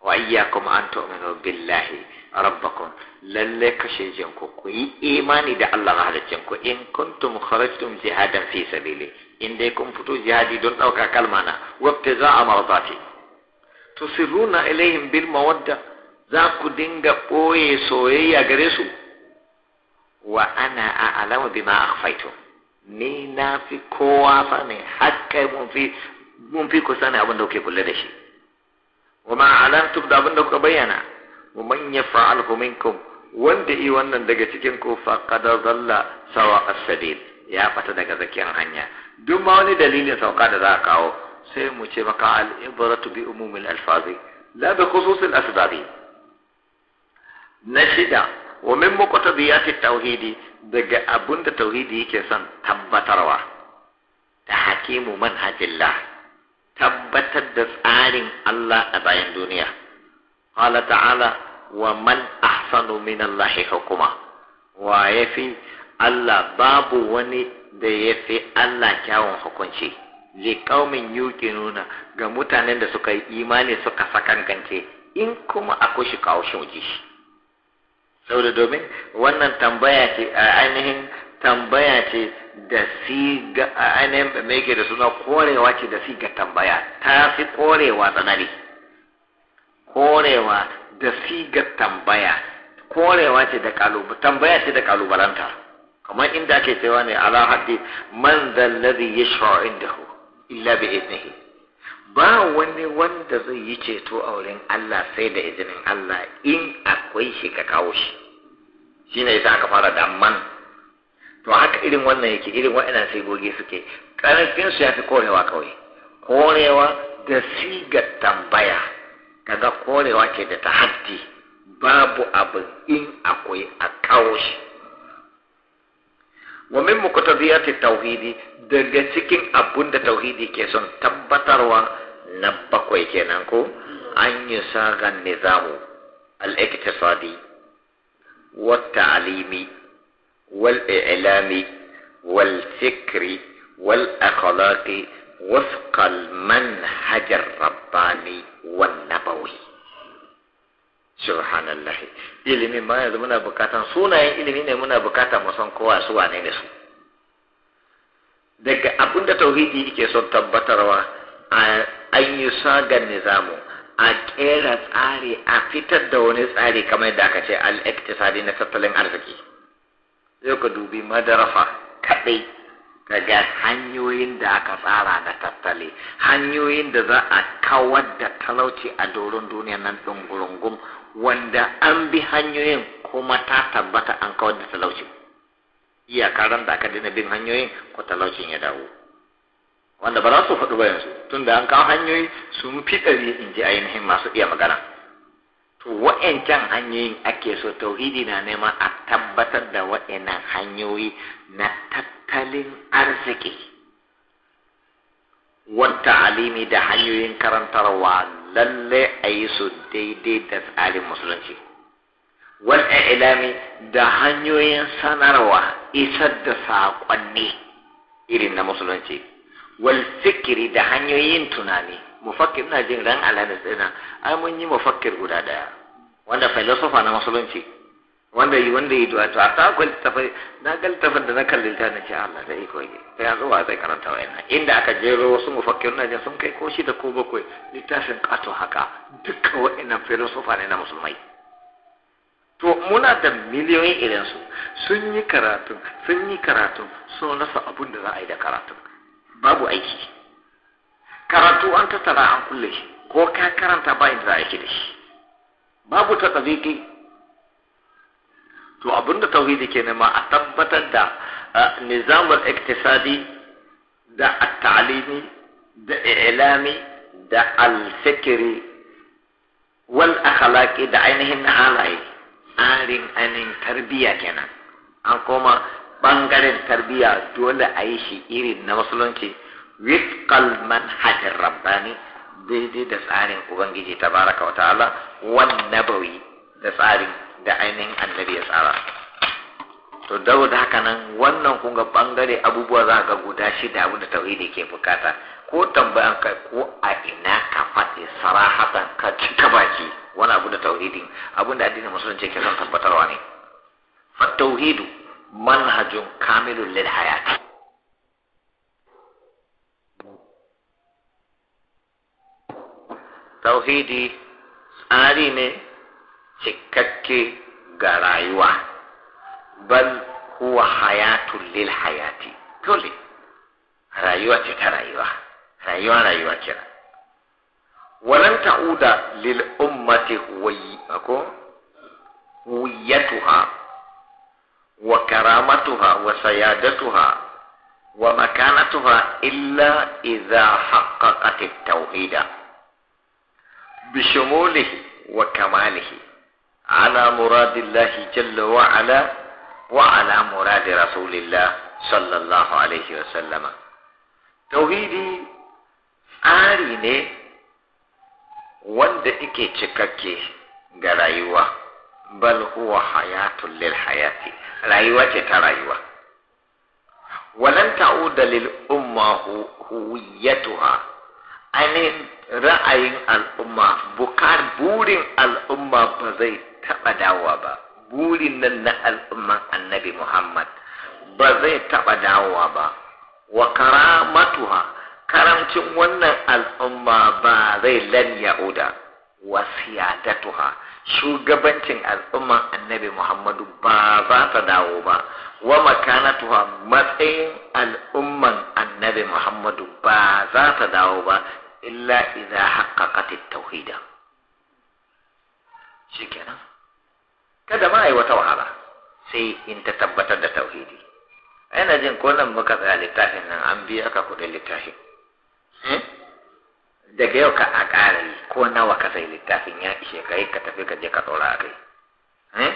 وإياكم أن تؤمنوا بالله ربكم لليك شجنكو كي إيماني دا الله غهد جنكو إن كنتم خرجتم جهادا في سبيلي إن ديكم فتو جهادي دون أوكا كلمانا وابتزاء مرضاتي na ilaihim bil mawadda za ku dinga ɓoye soyayya gare su wa ana a alama bima faito. ni na fi kowa sani hakkai mun fi ku sani abin da kuke kulle da shi wa ma tuk da abin da kuka bayyana manya fa yaf'alhu minkum wanda yi wannan daga cikin ku kada zalla, sawa as ya fata daga zakiyar hanya duk ma wani dalilin sauka da za a kawo sai mu ce maka al'ibratu bi umumin alfazi la bi khususil asbabi na shida wa min muqtadiyati tauhidi daga abinda tauhidi yake son tabbatarwa ta hakimu manhajillah tabbatar da tsarin Allah a bayan duniya qala ta'ala wa man ahsanu min Allah hukuma wa fi Allah babu wani da ya fi Allah kyawun hukunci liƙaumin yuki nuna ga mutanen da suka yi imani suka sakankance in kuma akwai shi kawo shi shi saboda domin wannan tambaya ce a ainihin tambaya ce da siga a ainihin da yake da suna korewa ce da siga tambaya ta fi korewa tsanani korewa da ga tambaya korewa ce da kalubu tambaya ce da kalubalanta kamar inda ake cewa ne ala haddi man zallazi yashra indahu illa bi iznihi ba wani wanda zai yi ceto a wurin Allah sai da izinin Allah in akwai shi ka kawo shi shine yasa aka fara da man to haka irin wannan yake irin wa'annan sai goge suke karfin su yafi korewa kawai korewa da siga tambaya kaga korewa ke da ta tahaddi babu abin in akwai a kawo shi wa min muqtadiyati tauhidi daga cikin abun da tauhidi ke son tabbatarwa na bakwai kenan ko an yi sagan nizamu al-iktisadi wa ta'limi wal i'lami wal fikri wal akhlaqi wafqa al manhaj ar-rabbani wan nabawi subhanallahi ilimin ma yanzu muna bukatan sunayen ilimi ne muna bukata mu san kowa su wane ne su daga abinda da tauhidi yake son tabbatarwa an yi sagar nizamu a kera tsari a fitar da wani tsari kamar da aka ce al-iktisadi na tattalin arziki yau ka dubi madarafa kadai daga hanyoyin da aka tsara na tattali hanyoyin da za a kawar da talauci a doron duniya nan ɗungurungun wanda an bi hanyoyin kuma ta tabbata an kawar da talauci iyaka ran da aka daina bin hanyoyin ko talaucin ya dawo wanda ba za su faɗi ba yanzu tun an kawo hanyoyi sun fi ɗari in ji ainihin masu iya magana to wa'ancan hanyoyin ake so tauhidi na neman a tabbatar da wa'annan hanyoyi na tattalin arziki wata alimi da hanyoyin karantarwa lalle a yi su daidai da tsarin musulunci wal ilami da hanyoyin sanarwa isar da saƙonni irin na musulunci wal fikiri da hanyoyin tunani mufakir na jin ran alanis ɗina ai mun yi mufakkir guda ɗaya wanda filosofa na musulunci wanda yi wanda yi du'a to a ta akwai littafai na ga da na kalli ta na ce Allah da iko yi ta yanzu wa zai karanta wa yana inda aka jero wasu mufakkiru na jin sun kai ko shi da ko bakwai littafin kato haka dukkan wa'annan filosofa ne na musulmai to muna da miliyoyin su sun yi karatu sun yi karatu sun rasa abun da za a yi da karatu babu aiki karatu an tattara an kulle shi ko ka karanta ba inda za a yi da shi babu ta to abinda tauhidi ke nema a tabbatar da nizamul iktisadi da at-ta'limi da ilami da al-fikri wal akhlaqi da ainihin halaye tsarin anin tarbiyya kenan an koma bangaren tarbiyya dole a yi shi irin na musulunci wifqal manhajin rabbani daidai da tsarin ubangiji tabaraka wa ta'ala wan nabawi da tsarin da ainihin annabi ya tsara to dawo da haka nan wannan kun ga bangare abubuwa za ga guda shida abin da tauhidi ke bukata ko tambayan kai ko a ina ka faɗi sarahatan ka cika baki wani abu da tauhidin abin da addinin musulunci ke son tabbatarwa ne fa tauhidu manhajun kamilun lil hayat tauhidi tsari ne cikakke ga rayuwa bal huwa hayatun lil hayati dole rayuwa ce ta rayuwa rayuwa rayuwa kira walan ta'uda lil ummati huwayi ako wiyatuha wa karamatuha wa sayadatuha wa makanatuha illa idza haqqaqat at-tauhida bishumulihi wa kamalihi على مراد الله جل وعلا وعلى مراد رسول الله صلى الله عليه وسلم توحيدي tsari ne wanda ike cikakke ga rayuwa bal huwa hayatun lil hayati rayuwa ce ta rayuwa walan ta'uda lil umma huwiyatuha ainihin ra'ayin al'umma bukar burin al'umma ba zai taɓa dawowa ba burin nan na al'umman annabi muhammad ba zai taɓa dawowa ba wa karamatuha karamcin wannan al'umma ba zai lan ya'uda wa siyadatuha shugabancin al'umman annabi muhammadu ba za ta dawo ba wa makanatuha matsayin al'umman annabi muhammadu ba za ta dawo ba illa idan haqqaqat at-tauhida shikenan kada ma yi wata wahala sai in ta tabbatar da tauhidi yana jin ko nan muka tsaya littafin nan an biya ka kuɗi littafin hmm? daga yau ka a ƙara yi ko nawa ka sai littafin ya ishe ka yi ka tafi ka je ka tsora a kai hmm?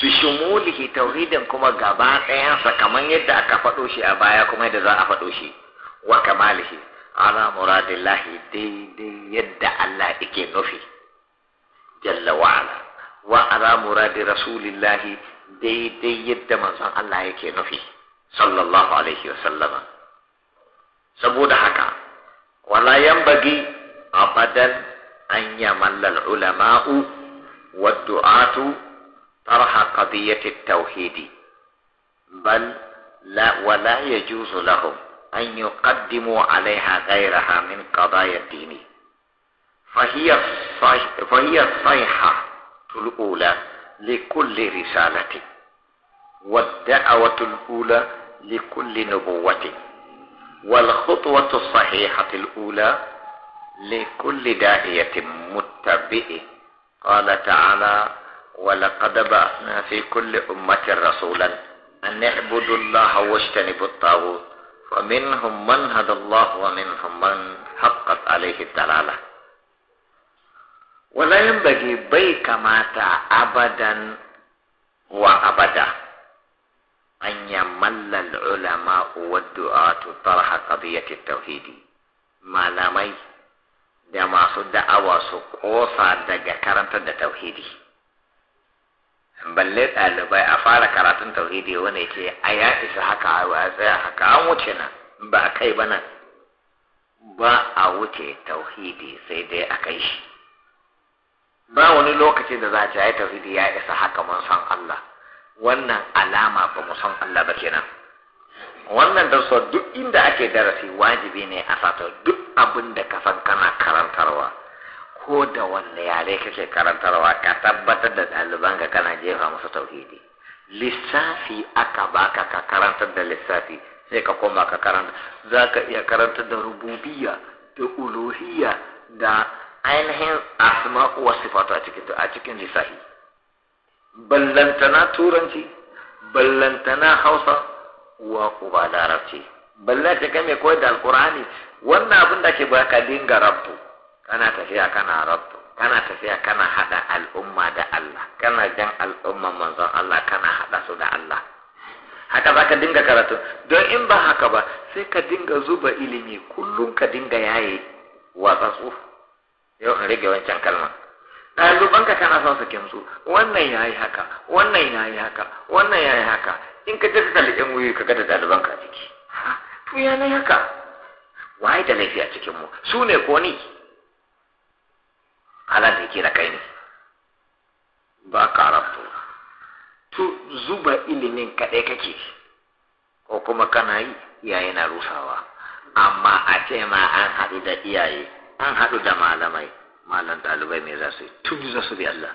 bishumulihi tauhidin kuma gaba ɗayansa kamar yadda aka faɗo shi a baya kuma yadda za a faɗo shi wa kamalihi ala muradillahi daidai yadda Allah yake nufi جل وعلا وعلى مراد رسول الله دي دي يد مزان الله يكي نفي صلى الله عليه وسلم سبود حكا ولا ينبغي أبدا أن يمل العلماء والدعاة طرح قضية التوحيد بل لا ولا يجوز لهم أن يقدموا عليها غيرها من قضايا الدينية فهي فهي الصيحة الأولى لكل رسالة والدعوة الأولى لكل نبوة والخطوة الصحيحة الأولى لكل داعية متبئ قال تعالى ولقد بعثنا في كل أمة رسولا أن اعبدوا الله واجتنبوا الطاغوت فمنهم من هدى الله ومنهم من حقت عليه الدلاله wala yin bage bai kamata abadan wa abada an mallal ulama wa du'atu tarha qadiyati tauhidi malamai da masu da'awa su kosa daga karanta da tauhidi balle ɗalibai a fara karatun tauhidi wani ce a isa haka a tsaya haka an wuce nan ba a kai ba nan ba a wuce tauhidi sai dai a kai shi ba wani lokacin da za ta yi tauhidi ya isa haka mun san Allah wannan alama ba mu san Allah ba kenan wannan darsa duk inda ake darasi wajibi ne a sato duk abin da ka san kana karantarwa ko da wanne yare kake karantarwa ka tabbatar da ɗaliban ka kana jefa musu tauhidi lissafi aka baka ka karantar da lissafi sai ka koma ka karanta za ka iya karantar da rububiya da uluhiya da ainihin asma'u wa sifatu a cikin a cikin lisahi ballantana turanci ballantana hausa wa uba larabci balla kai mai koyar da alkur'ani wannan abin da ke ba ka dinga rabtu. kana tafiya kana rabtu. kana tafiya kana hada al'umma da Allah kana jan al'umma manzon Allah kana hada su da Allah haka za ka dinga karatu don in ba haka ba sai ka dinga zuba ilimi kullum ka dinga yaye watsatsu yau in rage wancan kalma ɗalibanka kana son su musu. wannan ya yi haka wannan ya yi haka wannan ya yi haka in ka je ka kalli wuyi ka ga da ka a ciki to ya na haka waye da laifi a cikinmu su ne ko ni ala da yake da kai ne ba karatu to zuba ilimin kaɗai kake ko kuma kana yi iyaye na rusawa amma a ce ma an haɗu da iyaye an haɗu da malamai malam ɗalibai mai za su yi tun za su bi Allah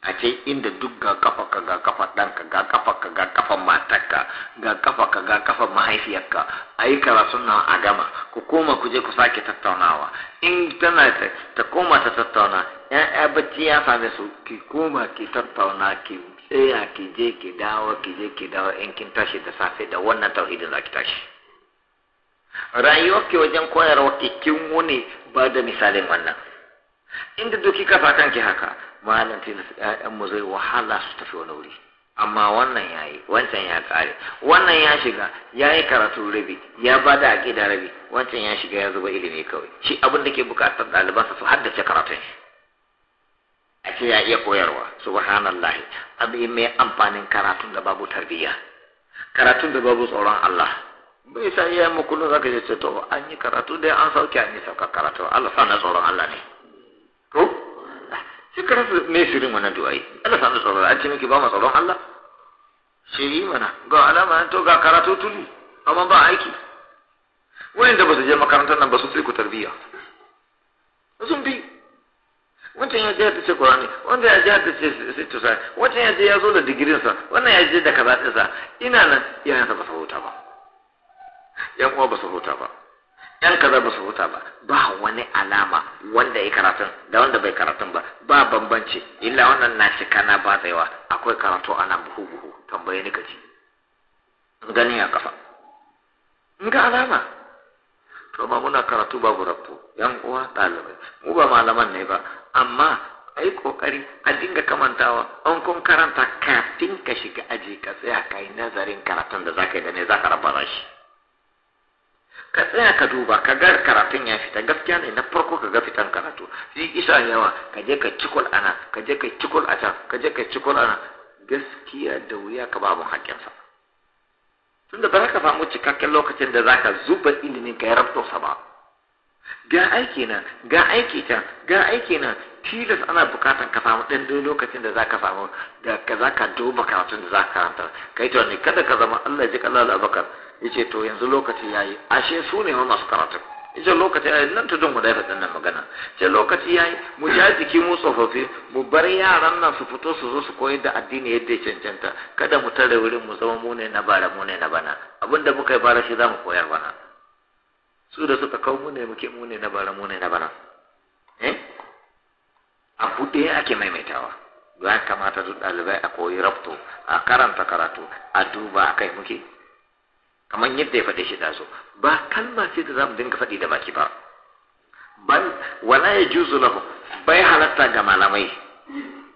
a ce inda duk ga kafa ka ga kafa ɗanka ga kafa ka ga kafa matarka ga kafa ka ga kafa mahaifiyarka a yi karatun nan a gama ku koma ku je ku sake tattaunawa in tana ta koma ta tattauna ya'ya bacci ya same su ki koma ki tattauna ki tsaya ki je ki dawo ki je ki dawo in kin tashi da safe da wannan tauhidin za ki tashi rayuwarki wajen koyarwa kin wuni ba da misalin wannan inda duki kafa ki haka malam tilas mu zai wahala su tafi wani wuri amma wannan ya yi wancan ya kare wannan ya shiga ya yi karatu rabi ya ba da aƙida rabi wancan ya shiga ya zuba ilimi kawai shi abin da ke bukatar ɗalibansa su haddace karatun shi a ce ya iya koyarwa subhanallah abin mai amfanin karatun da babu tarbiyya karatun da babu tsoron Allah bai sa iya mu kullum zaka je ce to an yi karatu dai an sauke an yi sauka karatu Allah sa na tsoron Allah ne to shi karatu ne shirin wannan du'ai Allah sa na tsoron an ce miki ba mu tsoron Allah shiri mana ga alama to ga karatu tuli amma ba aiki da ba su je makarantar nan ba su fi ku tarbiyya sun bi wancan ya je ya tace Qur'ani wanda ya je ya tace sittu wancan ya je ya zo da digirinsa wannan ya je da kaza ɗinsa ina nan iyayensa ba su huta ba yan uwa ba su huta ba yan kaza ba su huta ba ba wani alama wanda ya karatun da wanda bai karatun ba ba bambanci illa wannan na shi kana ba tsayawa akwai karatu ana buhu buhu tambaye ni kaji gani a kafa in ga alama to ba muna karatu babu rabto yan uwa ɗalibai mu ba malaman ne ba amma a yi kokari a dinga kamantawa an kun karanta kafin ka shiga aji ka tsaya ka yi nazarin karatun da za ka yi da ne za ka raba shi ka tsaya ka duba ka ga karatun ya fita gaskiya ne na farko ka ga fitan karatu shi isa yawa ka je ka cikul ana ka je ka cikul a can ka je ka cikul ana gaskiya da wuya ka ba mu haƙƙinsa tunda ba ka samu cikakken lokacin da za ka zuba ilimin ka ya rabto sa ba ga aiki na ga aiki ta ga aiki na tilas ana bukatan ka samu ɗan lokacin da zaka samu da ka zaka duba karatun da zaka karanta kai to ne kada ka zama Allah ya ji kallon abakar yace to yanzu lokaci yayi ashe su ne masu karatu yace lokaci yayi nan ta don mu daifa nan magana yace lokaci yayi mu ja jiki mu tsofaffi mu bar yaran nan su fito su zo su koyi da addini yadda ya cancanta kada mu tare wurin mu zama mu ne na bara mu ne na bana abinda muka yi bara shi za mu koyar bana su da suka kawo mu ne muke mu ne na bara mu ne na bana eh a ya ake maimaitawa ya kamata duk ɗalibai a koyi rabto a karanta karatu a duba a kai muke kamar yadda ya faɗe shi ɗazu ba kalma ce da zamu dinga faɗi da baki ba bal wala ya juzu lahu bai halatta ga malamai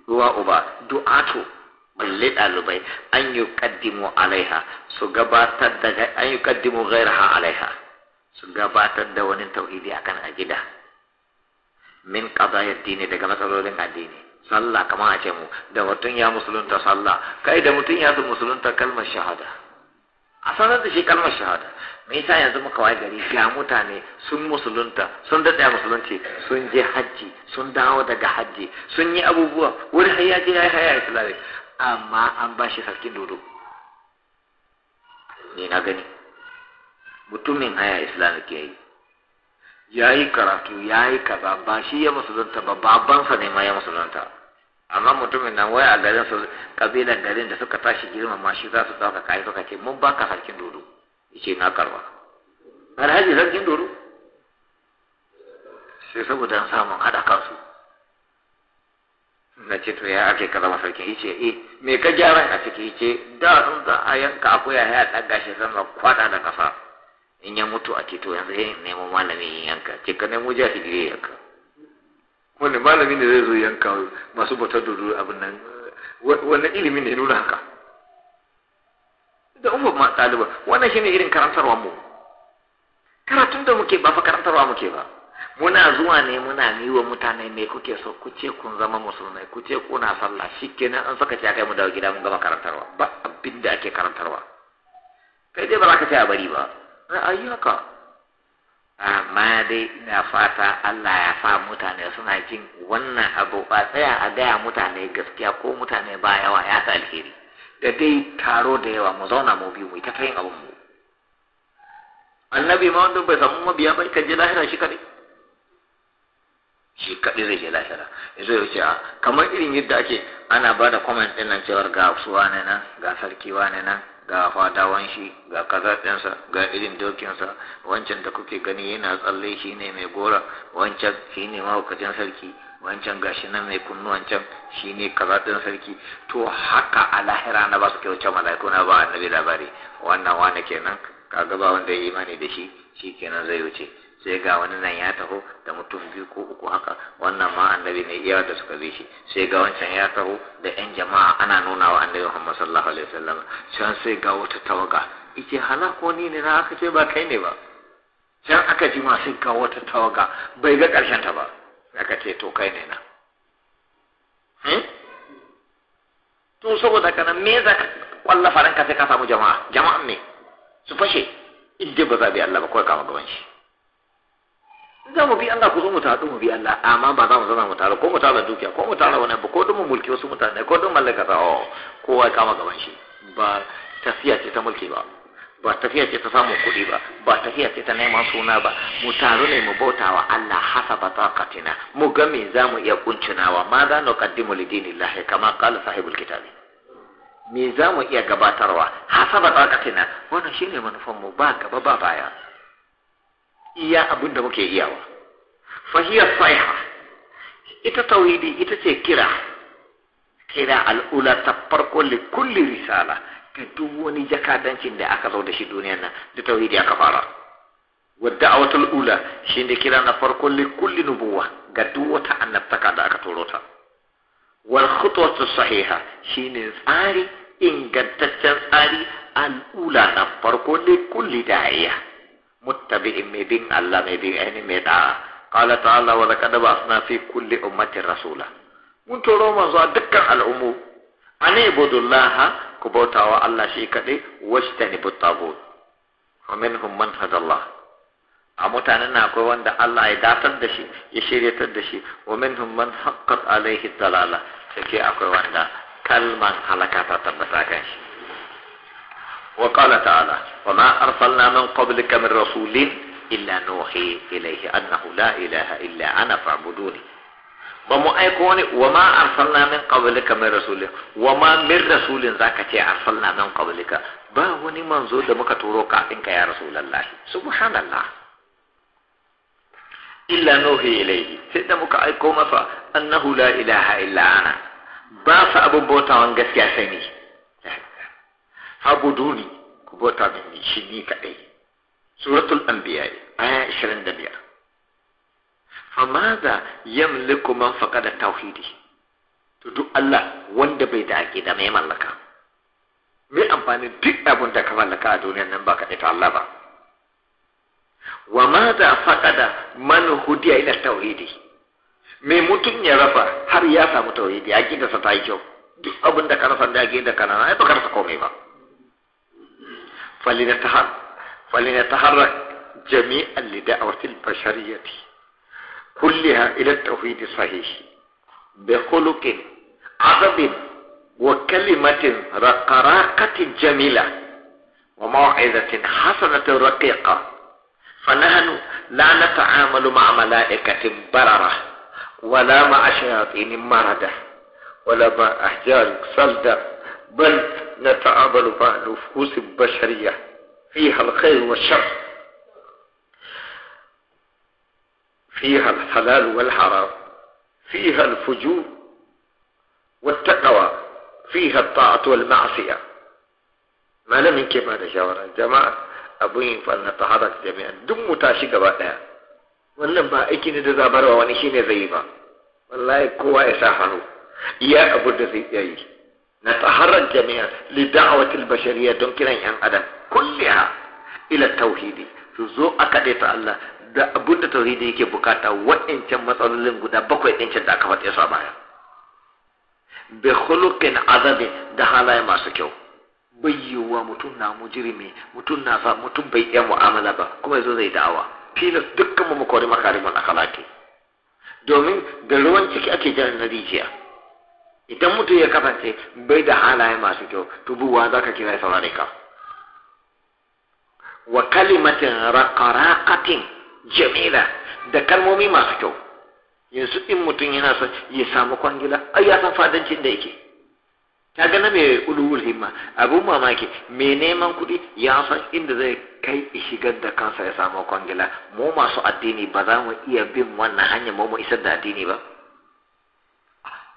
ruwa uba du'atu balle ɗalibai an yi kaddimu alaiha su gabatar da an yi kaddimu gairaha alaiha su gabatar da wani tauhidi akan a gida min ya dini daga matsalolin addini sallah kamar a ce mu da mutum ya musulunta sallah kai da mutum ya musulunta kalmar shahada a sanar da shi kalmar shahada me yasa yanzu muka waye gari ga mutane sun musulunta sun daɗa musulunci sun je hajji sun dawo daga hajji sun yi abubuwa wani hayya ce ya yi hayya islamic amma an ba shi sarkin dodo ni na gani mutumin haya islamic ya yi ya yi karatu ya yi kaza ba shi ya musulunta ba babansa ne ma ya musulunta amma mutumin nan wai a garin su kabilan garin da suka tashi ma shi za su tsaka kai suka ce mun baka sarkin dodo yace na karba haji sarkin dodo sai saboda samun hada kansu na ce to ya ake ka zama sarki yace eh me ka gyara a ciki yace da sun za a yanka koya ya daga shi sama kwada da kasa in ya mutu a ce to yanzu ya nemo malami yanka ce ka nemo ya yanka wani malami ne zai zo yanka masu bautar dodo abin nan wannan ilimi ne nuna haka da umar ma ɗaliba wannan ne irin karantarwa mu karatun da muke ba fa karantarwa muke ba muna zuwa ne muna miwa mutane ne kuke so ku ce kun zama musulmai ku ce kuna sallah kenan an saka kai mu dawo gida mun gama karantarwa ba abin da ake karantarwa kai dai ba za ka ce a bari ba ai amma dai ina fata Allah ya fa mutane suna jin wannan abu ba tsaya a gaya mutane gaskiya ko mutane ba yawa ya ta alheri da dai taro da yawa mu zauna mu biyu mu ta yin abin mu annabi ma wanda bai samu mabiya ba kan je lahira shi kadai shi kadai zai je lahira yanzu ya ce a ah, kamar irin yadda ake ana ba da comment din nan cewar ga suwa ne nan ga sarki wane nan ga fatawan shi ga kaza ɗinsa ga irin dokinsa wancan da kuke gani yana tsalle shi ne mai gora wancan shi ne mahaukacin sarki wancan ga shi nan mai kunnu wancan shi ne kaza ɗin sarki to haka a lahira na ba su kyauce mala'iku na ba annabi labari wannan wane kenan kaga ba wanda ya yi imani da shi shi kenan zai wuce sai ga wani nan ya taho da mutum biyu ko uku haka wannan ma annabi ne iya da suka bi shi sai ga wancan ya taho da yan jama'a ana nuna wa annabi Muhammad sallallahu alaihi wasallam can sai ga wata tawaga ice halako ni ne na aka ce ba kai ne ba can aka ji ma sai ga wata tawaga bai ga karshen ta ba aka ce to kai ne na hmm? to saboda kana me za ka kwallafa ranka sai ka samu jama'a jama'an ne su fashe in ba za bi Allah ba kawai kama gaban shi za mu bi Allah ku zo mu taru mu bi Allah amma ba za mu zama mu taru ko mu tara dukiya ko mu tara wani ko don mulki wasu mutane ko don mallaka ta oh, kowa kama gaban shi ba tafiya ce ta mulki ba ba tafiya ce ta samun kuɗi ba ba tafiya ce ta neman suna ba mu taru ne mu bautawa Allah hasa ba katina mu ga me za mu iya kuncinawa ma za nu kaddimu lidinillahi kama qala sahibul kitabi me za mu iya gabatarwa hasa ba katina wannan shine manufan mu ba gaba ba baya iya abinda da muke iyawa fahiyar saiha ita tauhidi ita ce kira kira al'ula ta farko li kulli risala ga duk wani jakadancin da aka zo da shi duniyar nan da tauhidi aka fara wadda a wata al'ula shi ne kira na farko li kulli nubuwa ga duk wata annabtaka da aka turo ta wal khutwatu sahiha shine tsari ingantaccen tsari al'ula na farko li kulli da'iya muttabi'in mai bin Allah mai bin ainihin mai da'a qala ta'ala wa laqad ba'athna fi kulli ummatin rasula mun toro manzo a dukkan al'ummu ani ibudullah ku bautawa Allah shi kadai wastani butagut wa minhum man hadallah a mutanen na akwai wanda Allah ya datar da shi ya shiryatar da shi wa minhum man haqqat alaihi dalala sai akwai wanda kalman halaka ta tabbata kan shi وقال تعالى وما أرسلنا من قبلك من رسول إلا نوحي إليه أنه لا إله إلا أنا فاعبدوني da muka turo kafin ka ya sai da muka aiko masa annahu la ilaha bautawan gaskiya habuduni ku bauta mini shi ni kadai suratul anbiya aya 25 famaza yamliku man faqada tauhidi to duk Allah wanda bai da aqida mai mallaka mai amfani duk abin da ka mallaka a duniyar nan ba ka ta Allah ba wa ma da man hudiya ila tauhidi mai mutum ya rafa har ya samu tauhidi aqida sa ta yi kyau duk abin da ka rasa da aqida kana ai ba ka rasa komai ba فلنتحرك فلنتحرك جميعا لدعوة البشرية كلها إلى التوحيد الصحيح بخلق عظم وكلمة رقراقة جميلة وموعظة حسنة رقيقة فنحن لا نتعامل مع ملائكة بررة ولا مع شياطين مردة ولا مع أحجار صلدة بل نتعامل مع نفوس بشرية فيها الخير والشر فيها الحلال والحرام فيها الفجور والتقوى فيها الطاعة والمعصية ما لم ينكي ما نشاور الجماعة أبوين فلنتحرك جميعا دم متاشي قبائها wannan ba aiki ne da zabarwa wani shine zai ba wallahi kowa ya sa نتحرى الجميع لدعوة البشرية تمكن أن أدم كلها إلى التوحيد zo a kaɗe ta Allah da abin da tauhidi yake bukata wa'ancan matsalolin guda bakwai ɗin da aka faɗe su a baya bi khuluqin azabi da halaye masu kyau wa mutum na mujrimi mutum na fa mutum bai iya mu'amala ba kuma yazo zai da'awa filas dukkan mu kori makarimun akhlaqi domin da ruwan ciki ake jan na rijiya idan mutum ya kasance bai da halaye masu kyau tubuwa za ka kira saurare ka wa kalimatin raƙaraƙatin jamila da kalmomi masu kyau yanzu in mutum yana son ya samu kwangila ai ya san fadancin da yake ta gana mai uluwul himma abin mamaki mai neman kuɗi ya san inda zai kai shigar da kansa ya samu kwangila mu masu addini ba za mu iya bin wannan hanyar mu isar da addini ba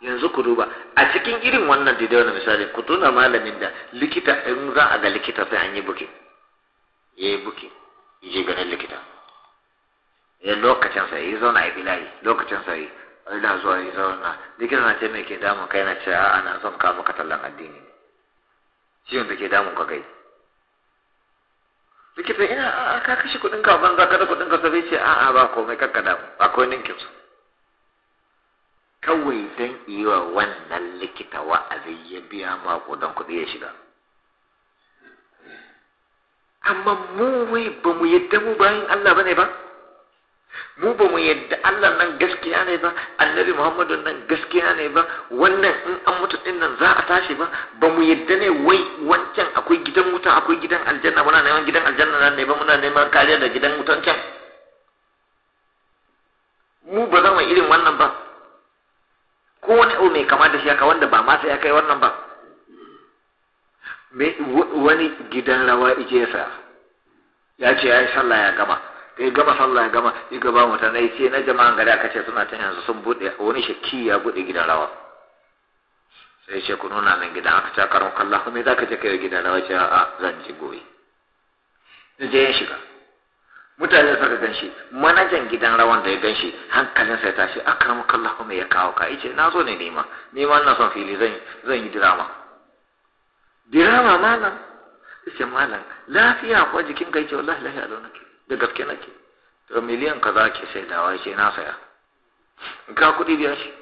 yanzu ku duba a cikin irin wannan da wani misali ku tuna malamin da likita in za a ga likita sai an yi buki ya yi buki ya je ganin likita ya lokacin sa ya zauna a bilayi lokacin sa Wani ina zuwa ya zauna likita na ce mai ke damun kai na ce a na son ka maka tallan addini ciwon da ke damun ka kai likita ina a ka kashe kuɗin ka ban za ka da kuɗin ka sabai ce a'a ba komai kakka damu akwai ninkin su kawai don iya wannan likita wa'azi ya biya mako don kuɗi ya shiga amma mu wai ba mu yadda mu bayan Allah ba ne ba mu ba mu yadda Allah nan gaskiya ne ba annabi Muhammadu nan gaskiya ne ba wannan in an mutu din nan za a tashi ba ba mu yadda ne wai wancan akwai gidan wuta akwai gidan aljanna muna neman gidan aljanna nan ne ba muna neman kariya da gidan wutan can mu ba za mu irin wannan ba ko wani mai kama da shi haka wanda ba ma sai ya kai wannan ba wani gidan rawa ije sa ya ce ya yi sallah ya gama ya gama sallah ya gama ya gaba mutane ce na jama'an gari aka ce suna ta yanzu sun buɗe wani shakki ya buɗe gidan rawa sai ce ku nuna min gidan aka ce karon kallahu kuma za ka je kai gidan rawa ce a'a zan goyi. Na je ya shiga mutane suka gan shi manajan gidan rawan da ya gan shi hankalin sai tashi akramu kallahu kuma ya kawo ka ice na zo ne nema nema na son fili zan zan yi dirama dirama malam ce malam lafiya ko jikin ka ce, wallahi lafiya lau nake da gaske nake to miliyan kaza ke sai dawa ce na saya ka kuɗi biya shi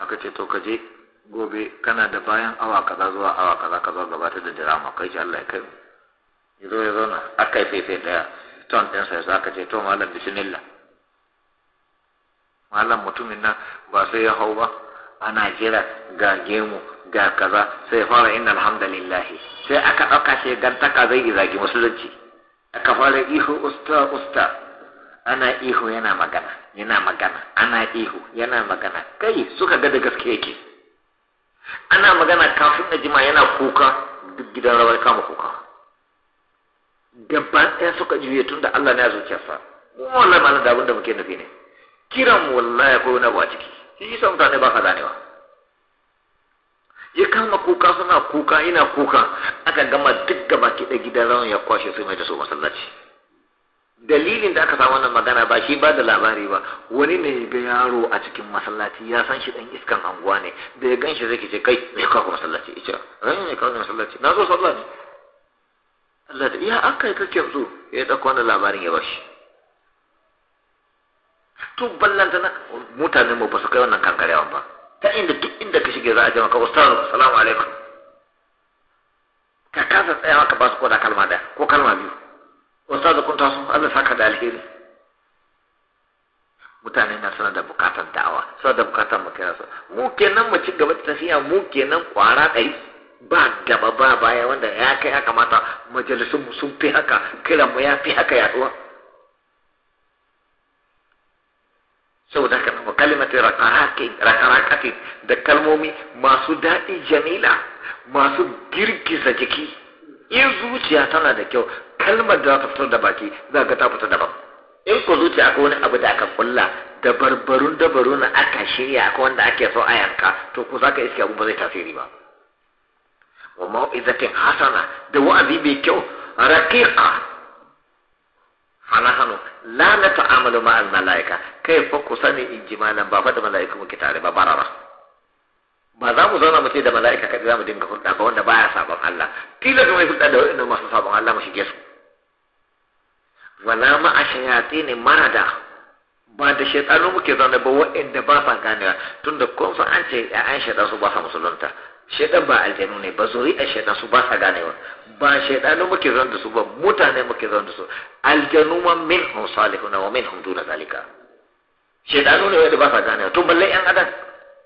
aka ce to ka je gobe kana da bayan awa kaza zuwa awa kaza kaza gabatar da dirama kai ce Allah ya kai mu ya zo ya zauna aka yi fefe daya ton ɗinsa ya zaka ce to malam bismillah malam mutumin nan ba sai ya hau ba ana jira ga gemu ga kaza sai fara inna alhamdulillahi sai aka ɗauka shi gantaka zai yi zagi musulunci aka fara ihu usta usta ana ihu yana magana yana magana ana ihu yana magana kai suka ga da gaske yake ana magana kafin na jima yana kuka duk gidan rawar kama kuka gaba ɗaya suka juye tun da Allah ne ya zuciyarsa mu wallahi malam da abinda da muke nufi ne kiran wallahi akwai wani abu a ciki shi yasa mutane ba ka ganewa ya kama kuka suna kuka ina kuka aka gama duk gaba kiɗa gidan rawan ya kwashe su mai da su masallaci dalilin da aka samu wannan magana ba shi ba da labari ba wani ne ga yaro a cikin masallaci ya san shi dan iskan anguwa ne da ya gan shi zai ce kai me ka masallaci ita ran ne ka masallaci na zo sallah ne Allah da iya aka yi kake zo ya ɗauko wani labarin ya bashi to ballanta na mutane mu ba su kai wannan kankarewan ba ta inda duk inda ka shige za a jama ka ustaz salamu alaikum ka kasa tsayawa ka ba su koda kalma da ko kalma biyu ustaz kun taso Allah saka da alheri mutane na suna da bukatar da'awa suna da bukatar mu kira su mu kenan mu ci gaba da tafiya mu kenan kwara ɗari ba gaba ba baya wanda ya kai haka kamata majalisun sun fi haka kiranmu ya fi haka yaduwa saboda haka nan kalimatin rakarakatin da kalmomi masu daɗi jamila masu girgiza jiki in zuciya tana da kyau kalmar da za ta fitar da baki za ga ta da daban in ko zuciya akwai wani abu da aka kulla da barbarun dabaru na aka shirya akwai wanda ake so a yanka to ko za ka iske abu ba zai tasiri ba wa mau'izatin hasana da wa'azi mai kyau raqiqa fanahanu la na ta'amalu ma'al mala'ika kai fa ku sani injimalan ba fa da mala'iku muke tare ba barara ba za mu zauna mu ce da mala'ika kaɗai za mu dinga hulɗa ba wanda baya sabon Allah kila kuma hulɗa da wa'annan masu sabon Allah mu shige su wala ma a shayati ne marada ba da shaitanu muke zaune ba da ba sa ganewa tunda kun san an ce an shaitan su ba sa musulunta shaidan ba aljanu ne ba zuri a shaidan su ba sa ganewa ba shaidanu muke zan da su ba mutane muke zan da su aljanu ma salihu na wa hun duna zalika shaidanu ne wanda ba sa ganewa to balle yan adam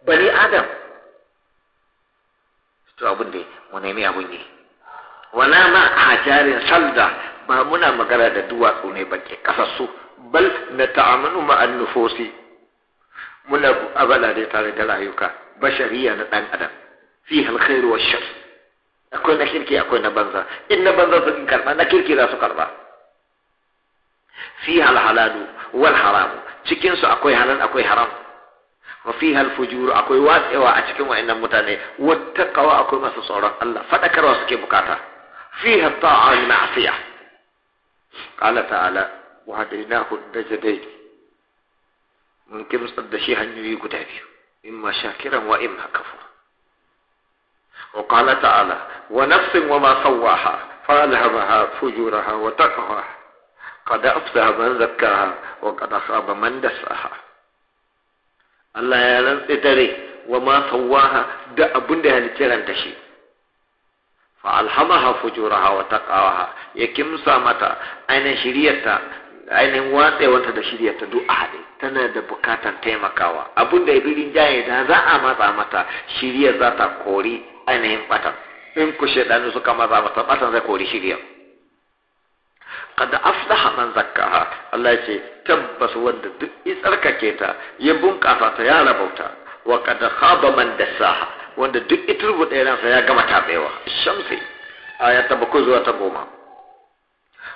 bale adam to abun da mu nemi abun yi wala ma hajarin salda ba muna magana da duwatsu ne ba ke kasassu bal na ta'amanu ma an nufosi muna abala da tare da rayuka bashariya na dan adam فيها الخير والشر أكون كيركي أكون بنزا إن بنزا سكن كرما نكيركي راسو كرما فيها الحلال والحرام تكين سو أكوي حلال أكوي حرام وفيها الفجور أكوي واسع وأتكين وإن متاني والتقوى أكوي ما سصورا الله فتكر واسكي بكاتا فيها الطاعة المعصية قال تعالى وهديناه النجدين ممكن مصدشيها نيوي كتابي إما شاكرا وإما كفورا وقال تعالى ونفس وما سواها فألهمها فجورها وتقواها قد أفلح من زكاها وقد خاب من دساها Allah ya rantsi dare wa ma sawaha da abin da ya kiranta shi fa alhamaha fujuraha wa taqawaha ya kimsa mata ainihin shiriyarta ainihin watsewanta da shiryarta duk a haɗe tana da bukatar taimakawa abin da ibirin jaye da za a matsa mata shiriyar za ta kori ainihin batan in ku shaidanu suka maza mata batan zai kori shi shirya kada aflaha man zakkaha Allah yace tabbas wanda duk ya tsarkake ta ya bunƙasa ta ya rabauta wa kada khaba man dassaha wanda duk ya turbuɗe ransa ya gama tabewa shamsi aya ta bakwai zuwa ta goma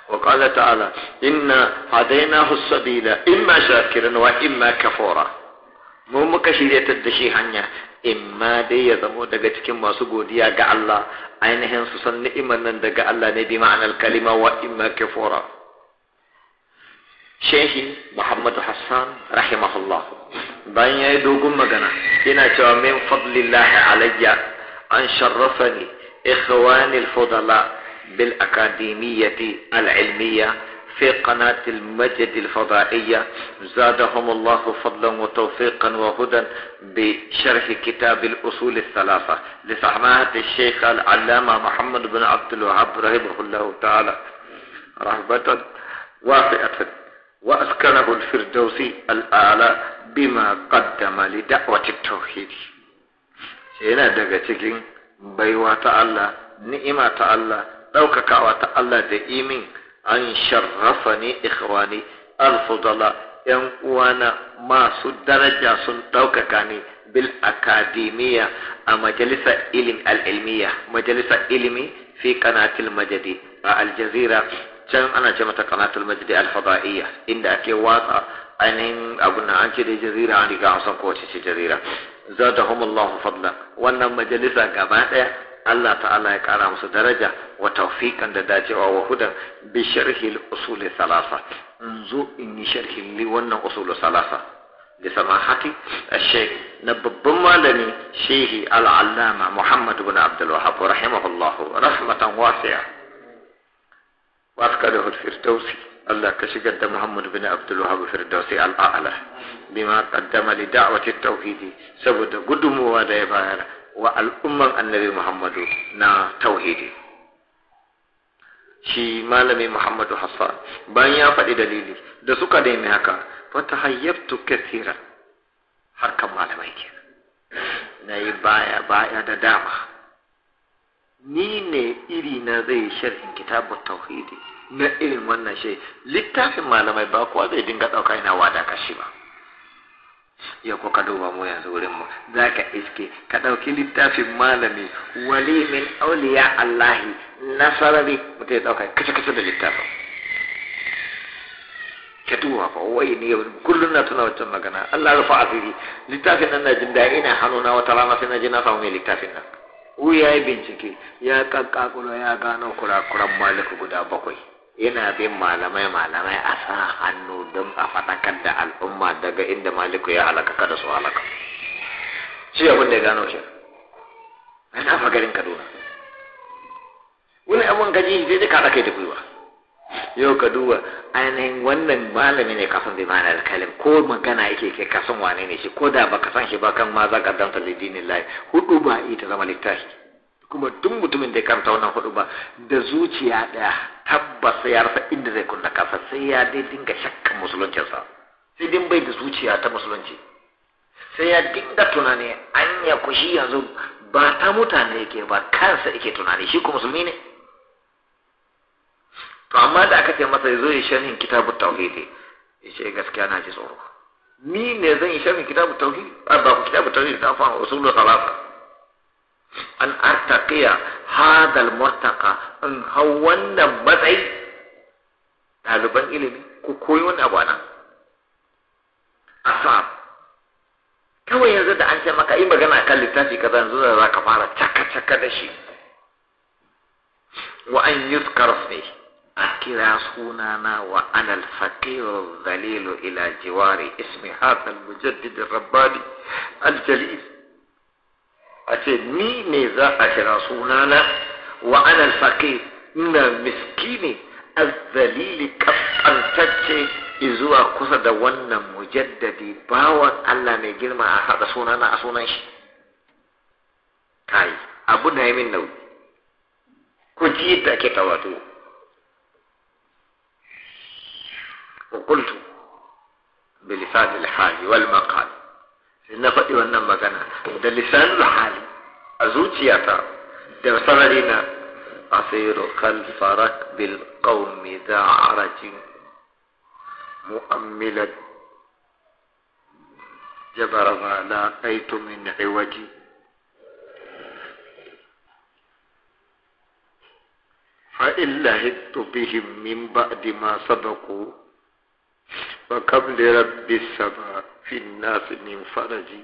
وقال تعالى إن هديناه السبيل إما شاكرا وإما كفورا مو مكشيرة الدشي هنيا imma dai ya zamo daga cikin masu godiya ga Allah ainihin su san ni'imar nan daga Allah ne bi ma'anar kalima wa imma kafura shehi Muhammadu Hassan rahimahullah bayan yayi dogon magana yana cewa min fadlillahi alayya an sharrafani ikhwani al-fudala bil akademiyyati al-ilmiyya في قناة المجد الفضائية زادهم الله فضلا وتوفيقا وهدى بشرح كتاب الأصول الثلاثة لسماحة الشيخ العلامة محمد بن عبد الوهاب رحمه الله تعالى رحمة وافئة وأسكنه الفردوسي الأعلى بما قدم لدعوة التوحيد هنا daga cikin baiwa ta Allah ni'ima ta Allah ɗaukakawa an sharrafani ikhwani al yan uwana masu daraja sun ɗaukaka ni bil akademiya a majalisa ilim al'ilmiya majalisa ilimi fi kanatil majadi a aljazira can ana ce mata kanatul majadi al inda ake watsa ainihin abun an ce da jazira an riga an san kowace ce jazira zadahum Allah fadla wannan majalisa gaba daya Allah ta'ala ya kara musu daraja wa tawfiqan da dacewa wa hudan bi sharhil usul salasa in zo in yi sharhi li wannan usul salasa da samahati ash-shaykh na babban malami shehi al-allama Muhammad ibn Abdul Wahhab rahimahullahu rahmatan wasi'a wa da Muhammad firdausi Abdul كشجد محمد بن عبد الوهاب الفردوسي الأعلى بما قدم لدعوة saboda سبب da ya يباير wa al'umman annabi Muhammadu na tauhidi shi malami Muhammadu Hassan bayan ya faɗi dalili da suka daina haka fata hayyabtu kathira harkan malamai ke na yi baya baya da dama ni ne iri na zai sharhin kitabun tauhidi na irin wannan shi littafin malamai ba kuwa zai dinga ɗauka wa wada kashi ba yau ko ka duba mu yanzu wurin mu za ka iske ka ɗauki littafin malami wali min auliya Allahi nasarari mutum ya ɗauka kace kace da littafin ka duba fa wai ne kullum na tuna wancan magana Allah rufa asiri littafin nan na jin da ina hannu na wata rana sai na je na samu mai littafin nan wuya ya bincike ya kakkakulo ya gano kurakuran maliku guda bakwai yana bin malamai malamai a sa hannu don a faɗakar da al'umma daga inda maliku ya halaka kada su halaka shi abin da ya gano shi a na fagarin kaduna wani abin gaji zai zai kaɗa kai da gwiwa yau ka duba ainihin wannan malami ne kafin bi mana da kalim ko magana yake ke kasan wane ne shi ko da baka san shi ba kan ma za ka danta lidinin layi hudu ba ita zama littafi kuma duk mutumin da ya karanta wannan hudu ba da zuciya daya tabbas ya rasa inda zai kunna kasa sai ya dai dinga shakkan musuluncinsa sai din bai da zuciya ta musulunci sai ya dinga tunani an ya kushi yanzu ba ta mutane yake ba kansa yake tunani shi ko musulmi ne to amma da aka ce masa yazo zo ya sharhin kitabu tauhidi ya ce gaskiya na ji tsoro ni ne zan yi sharhin kitabu tauhidi ba ku kitabu tauhidi da fa usulul salasa an artaqiya hadal murtaka in hau wannan matsayi ɗaliban ilimi ku koyi wani abu nan asab kawai yanzu da an ce maka yi magana kan littafi kaza yanzu da za ka fara caka-caka da shi wa an yuzkar ne a kira sunana wa anal faqiru dalilu ila jiwari ismi hadal mujaddid rabbani aljalil أتيت مي نيزا أشرا سونانا وأنا الفقير إن المسكين الذليل كفر تتشي إزوا كسا دوانا مجدد باوان ألا نيجير ما أحد سونانا أسونايش كاي أبو نايمين نو كجيدا كتواتو وقلت بلسان الحال والمقال sai na faɗi wannan magana da lisanul hali a zuciyata da sarari na asiru khalfa rakbil qaumi da arajin mu'ammilan جبر ما لاقيت من عوجي فإن لهدت بهم من بعد ما سبقوا وكم لرب السماء في الناس من فرجي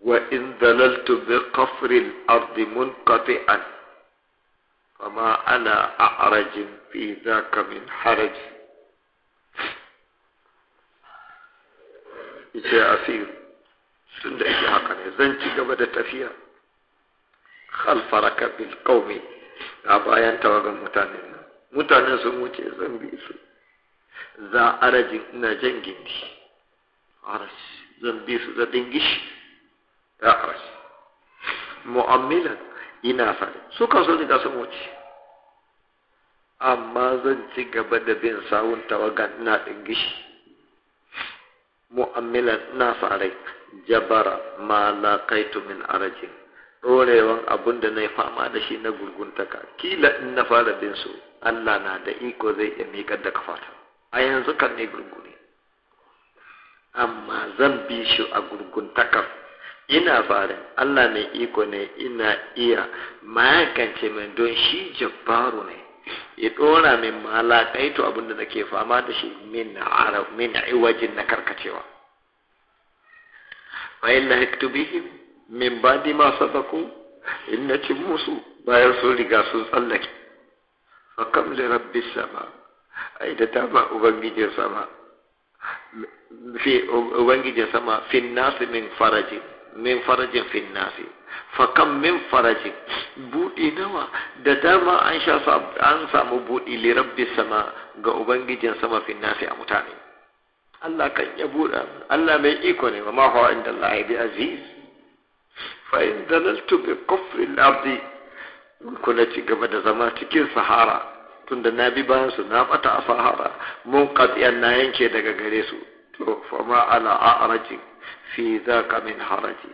وإن ذللت بقفر الأرض منقطعا فما أنا أعرج في ذاك من حرج ita asir tun da ake haka ne zan ci gaba da tafiya khalfaraka bil qaumi a bayan tawagan mutanen nan mutanen sun wuce zan bi su za arajin ina jan gindi araj zan bi su za dingish ta araj mu'amilan ina faɗi su kan sun riga sun wuce amma zan ci gaba da bin sawun tawagan ina dingish mu'amilan ina farai jabara ma laqaitu min arajin ɗorewan abun da na fama da shi na gurguntaka kila in na fara bin su Allah na da iko zai iya miƙar da kafata a yanzu kan ne gurgu amma zan bi shi a gurguntakar ina farin Allah mai iko ne ina iya magance min don shi jabbaru ne ya ɗora min malakai abin da nake fama da shi min arab min iwajin na karkacewa wa inna hiktubihim min badi ma sabaku in ci musu bayan sun riga sun tsallake fakam li rabbis sama ai da taba ubangijin sama fi ubangijin sama fin nasi min faraji min farajin fin nasi fakan min faraji buɗi nawa da dama an sha an samu buɗi lirabbi sama ga ubangijin sama fin nasi a mutane Allah kan ya buɗa Allah mai iko ne ma huwa inda Allah ya bi aziz fa in dalaltu bi kufri al-ardi kuna ci gaba da zama cikin sahara tunda na bi bayan su na bata a sahara mun katsiyan na yanke daga gare su to fama ala a'raji fi zaka min haraji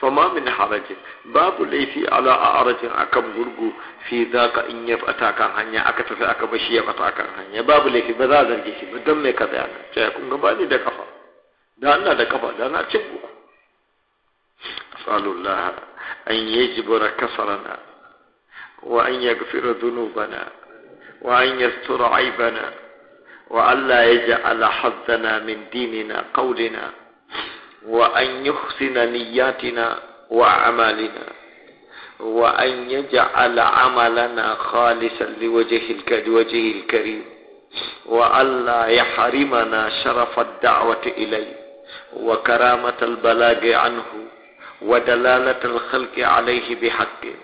fama min haraji babu laifi ala a'rajin akan gurgu fi zaka in ya fata kan hanya aka tafi aka bashi ya fata kan hanya babu laifi ba za a zarge shi ba dan me ka tsaya ka ce kun ga ba ni da kafa da Allah da kafa da na cin ku sallallahu an yajbura kasarana wa an yaghfira dhunubana وأن يستر عيبنا وألا يجعل حظنا من ديننا قولنا وأن يحسن نياتنا وأعمالنا وأن يجعل عملنا خالصا لوجه لوجهه الكريم وألا يحرمنا شرف الدعوة إليه وكرامة البلاغ عنه ودلالة الخلق عليه بحقه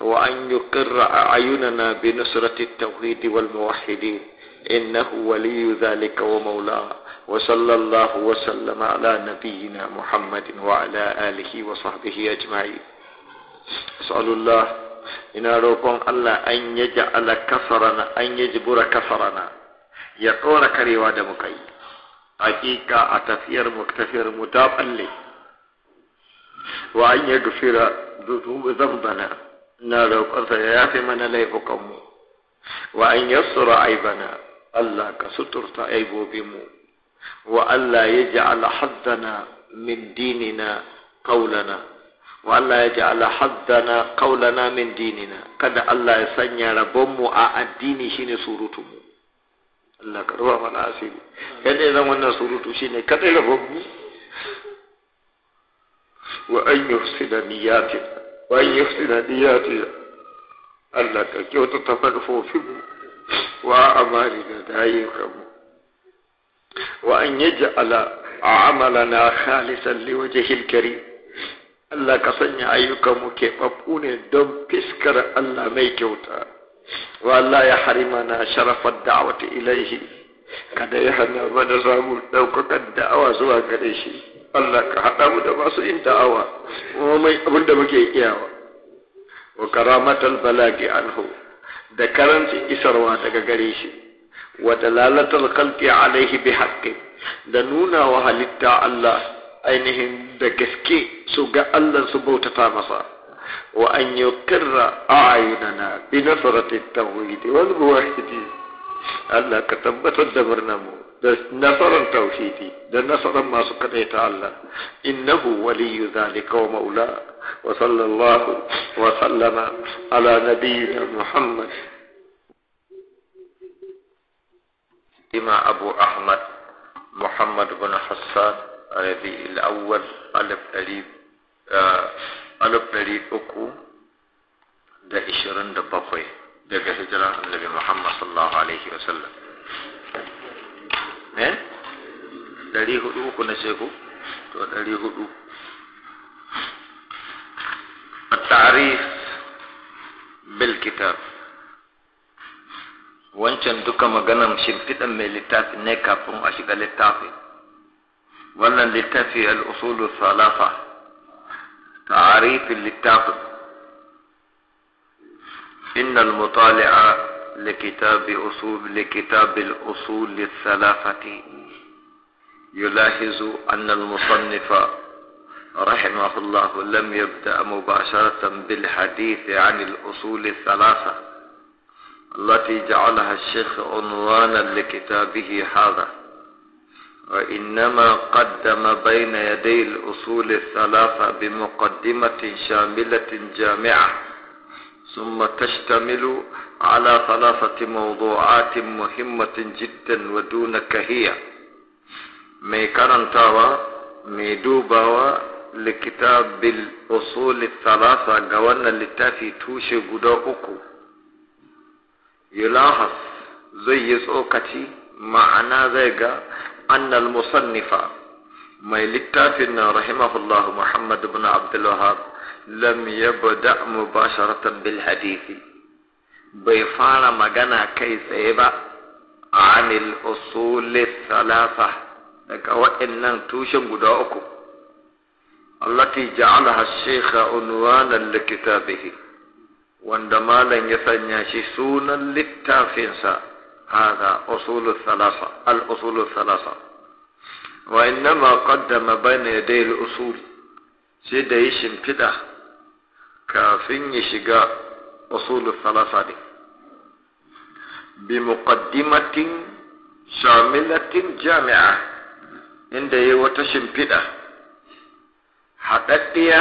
وأن يقر أعيننا بنصرة التوحيد والموحدين إنه ولي ذلك ومولاه وصلى الله وسلم على نبينا محمد وعلى آله وصحبه أجمعين أسأل الله إن أروكم ألا أن يجعل كفرنا أن يجبر كفرنا يقول كريوا مكي حقيقة أتفير مكتفير متاب لي وأن يغفر ذنوبنا na roƙonsa ya yafe mana laifukanmu wa an yassura aibana Allah ka suturta aibobinmu wa Allah ya ja'ala na min dinina kaulana wa Allah ya ja'ala na kaulana min dinina kada Allah ya sanya rabonmu a addini shine surutunmu Allah ka ruwa mana asiri yadda ya zan wannan surutu shine kada rabonmu wa an yufsida niyatina وأن يفتن نياتنا أنك جوت تفرفو فيه وأعمالنا دائما وأن يجعل عملنا خالصا لوجه الكريم الله كسن أيكم كيبون دم بسكر الله ميكوتا والله يحرمنا شرف الدعوة إليه كدا يهنا من رامو لو الدعوه أوزوا قريشي Allah ka haɗa mu da masu yin da'awa kuma mai abin da muke iyawa wa karamatal balagi anhu da karanci isarwa daga gare shi wa dalalatul khalqi alaihi bi haqqi da nuna wa halitta Allah ainihin da gaske su ga Allah su bautata masa wa an yuqirra a'yunana bi nasrati tawhid wal muwahhidi Allah ka tabbatar da murnan mu نظرا توحيدي نظرا ما سكت الله انه ولي ذلك ومولاه وصلى الله وسلم على نبينا محمد إما أبو أحمد محمد بن حسان الذي الأول ألف أليب ألف أليب أكو دا إشرن دا بقوي دا كسجران النبي محمد صلى الله عليه وسلم eh ɗari hudu uku na sheku to ɗari hudu التعريف بالكتاب wancan duka maganan shimfiɗan mai littafi ne kafin a shiga littafi wannan littafi al'usulu salafa ta'arifin littafi. innal mutali'a لكتاب أصول لكتاب الأصول الثلاثة يلاحظ أن المصنف رحمه الله لم يبدأ مباشرة بالحديث عن الأصول الثلاثة التي جعلها الشيخ عنوانا لكتابه هذا وإنما قدم بين يدي الأصول الثلاثة بمقدمة شاملة جامعة ثم تشتمل على ثلاثة موضوعات مهمة جدا ودون كهية مي كرنتاوا مي دوباوا لكتاب الأصول الثلاثة قوانا لتافي توشي قدا أكو يلاحظ زي يسوكتي معنى ذيقا أن المصنف ما لتافنا رحمه الله محمد بن عبد الوهاب لم يبدأ مباشرة بالحديث bai fara magana kai tsaye ba anil usulis salasa daga waɗannan tushen guda uku allati ja'alaha ash-shaykh unwanan likitabihi wanda malam ya sanya shi sunan littafinsa هذا أصول الثلاثة الأصول الثلاثة وإنما قدم بين يدي الأصول سيدة يشم كده كافين يشقى usul salasati bi muqaddimatin shamilatin jami'a inda yayi wata shimfiɗa hadaddiya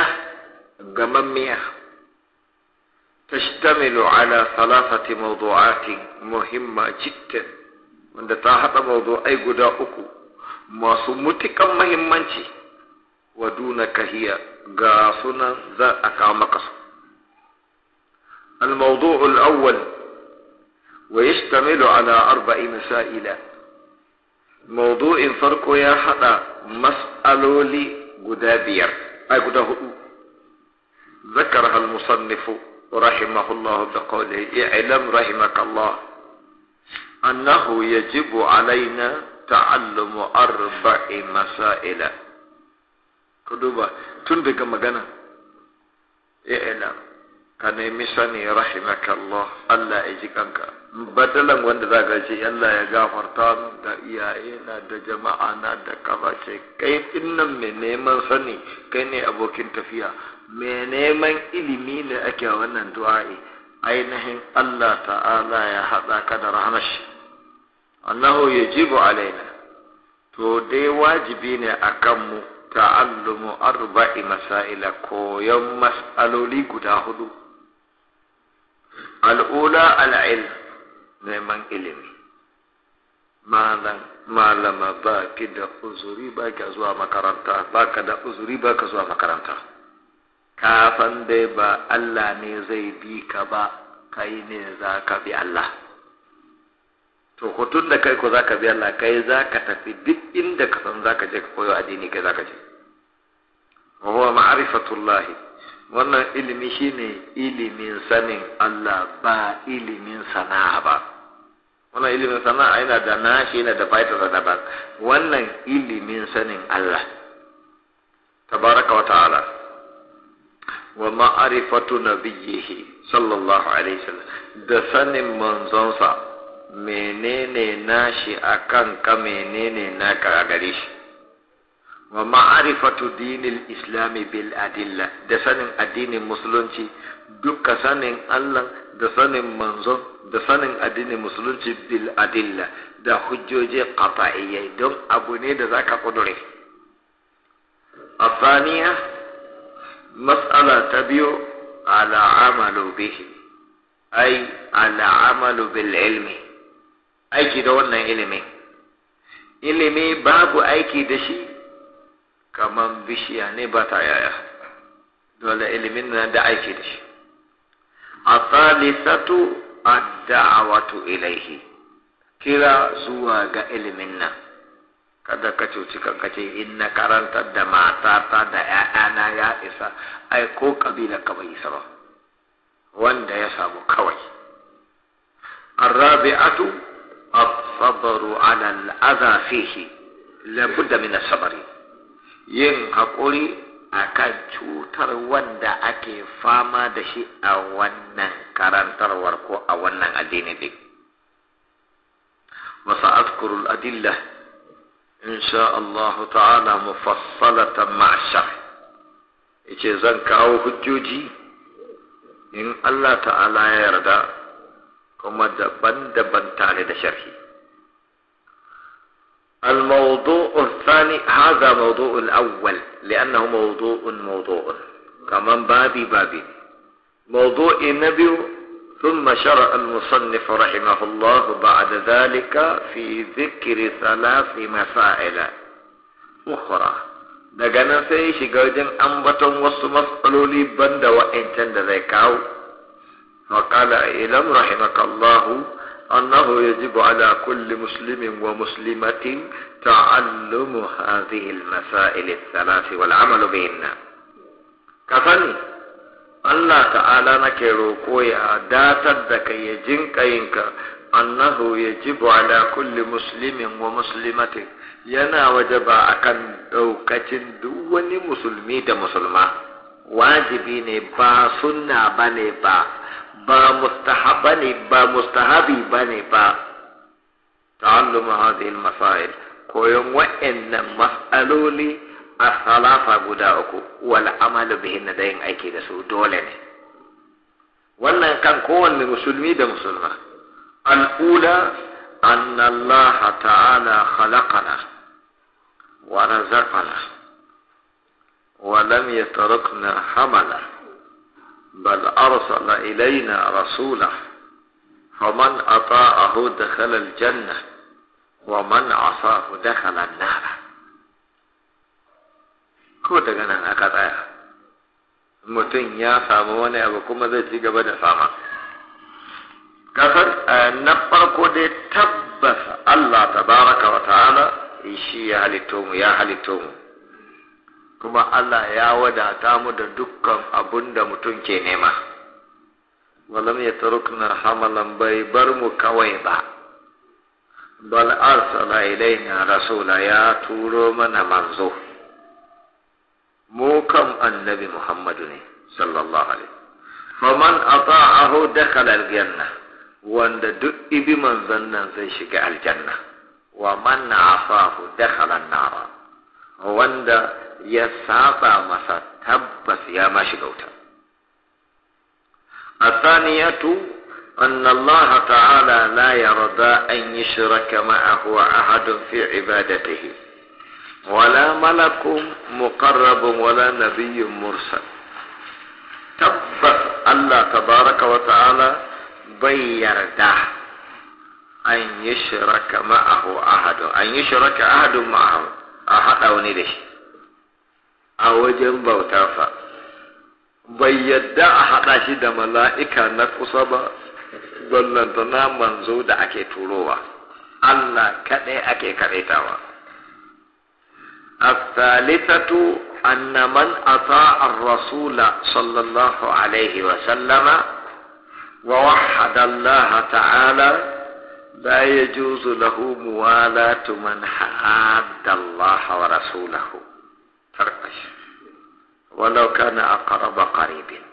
gamammiya tashtamilu ala salasati mawdu'ati muhimma jiddan wanda ta hada mawdu'ai guda uku masu mutikan muhimmanci waduna duna kahiya ga sunan za a kawo maka الموضوع الأول ويشتمل على أربع مسائل موضوع فرق يا حدا مسألولي قدابير أي قدهو ذكرها المصنف رحمه الله بقوله اعلم رحمك الله أنه يجب علينا تعلم أربع مسائل قدوبة تنبقى مغانا اعلم ka nemi sani rahimakallah Allah ya ji kanka badalan wanda za ka ce Allah ya gafarta min da iyaye da jama'a na da kaba ce kai dinnan mai neman sani kai ne abokin tafiya mai neman ilimi ne ake wannan du'a'i ainihin Allah ta'ala ya haɗa ka da rahmar shi annahu yajibu alaina to dai wajibi ne akan mu ta'allumu arba'i masaila koyon mas'aloli guda hudu al'ula al'ilm neman ilimi malama ba ki da uzuri ba ka zuwa makaranta ba ka da uzuri ba ka zuwa makaranta kafan dai ba Allah ne zai bi ka ba kai ne za ka bi Allah to hutun da kai ko za ka bi Allah kai za ka tafi duk inda ka san za ka je ka koyo addini kai za ka je wa huwa ma'rifatullahi wannan ilimi shine ilimin sanin Allah ba ilimin sana'a ba wannan ilimin sana'a yana da nashi yana da faitarsa daban wannan ilimin sanin Allah tabaraka wa ta'ala wa ma'arifatu nabiyyihi sallallahu alaihi wasallam da sanin manzonsa menene nashi akan ka menene naka a gare shi wa ma'arifatu dinil islami bil adilla da sanin addinin musulunci dukka sanin Allah da sanin manzon da sanin addinin musulunci bil adilla da hujjoji qata'iyyai don abu ne da zaka kudure الثانية مسألة تبيو على عمل به أي على عمل بالعلم أي كده wannan ilimi ilimi babu aiki da shi kamar bishiya ne ba ta yaya dole ilimin na da aiki da shi a thalithatu a da'awatu ilaihi kira zuwa ga ilimin nan kada ka cuci kankace, in na karantar da matata da 'ya'yana ya isa ai ko kabila ka bai isa ba wanda ya samu kawai الرابعة الصبر على الأذى فيه لابد من الصبر yin haƙuri a kan cutar wanda ake fama da shi a wannan karantarwar ko a wannan addini ɗin. وسأذكر الأدلة إن ta'ala الله تعالى مفصلة yace zan kawo hujjoji in Allah ta'ala ya yarda kuma daban-daban tare da sharhi الموضوع الثاني هذا موضوع الأول لأنه موضوع موضوع كمان بابي بابي موضوع النبي ثم شرع المصنف رحمه الله بعد ذلك في ذكر ثلاث مسائل أخرى daga في sai أنبت وصمت wajen بند وإن تند banda فقال إلم رحمك الله Annaho, ya ji ba'a da kulle wa musulmatin ta'allu muhazirin na Sa'ilis, ta na fi wani amalo mai yi Allah Ta'ala nake ke roƙo ya datar da ka yi jinƙayinka, Annaho, ya ji ba'a da wa musulmatin, ya na waje ba a kan ɗaukacin duk wani Musulmi da Musulma. Wajibi ne ba suna ba ba. با مستحب بني با مستحبي بني با تعلم هذه المسائل كويوم وإن مسألولي الصلاة قداؤكو والعمل بهن دين أيكي دسو دولني ولا كان كون من مسلمي دا مسلمة الأولى أن الله تعالى خلقنا ورزقنا ولم يتركنا حملا بل أرسل إلينا رسوله فمن أطاعه دخل الجنة ومن عصاه دخل النار كوتا كان أنا قطعا متن يا فاموان يا بكم ذي تيجا بدا فاما كفر آه، نبقر كودي تبث الله تبارك وتعالى إشي يا هلي تومو يا هلي تومو kuma Allah ya wadata mu da dukkan abun da mutum ke nema Malam ya tarukna hamalan bai bar mu kawai ba bal arsala ilaina rasula ya turo mana manzo mu annabi muhammadu ne sallallahu alaihi faman da dakhala aljanna wanda duk ibi manzon nan zai shiga aljanna wa man afahu dakhala an-nara wanda ya saba masa tabbas ya ma shiga wuta الثانية أن الله تعالى لا يرضى أن يشرك معه أحد في عبادته ولا ملك مقرب ولا نبي مرسل تبت الله تبارك وتعالى بيرده أن يشرك معه أحد أن يشرك أحد معه أحد أو ندش a wajen bautarsa bai yadda a haɗa shi da mala'ika na kusa ba ballantana manzo da ake turowa Allah kaɗai ake kaɗaitawa الثالثة أن من أطاع الرسول صلى الله عليه وسلم ووحد الله تعالى لا يجوز له موالاة من حاد الله ورسوله tarka shi walau kana aqraba qaribin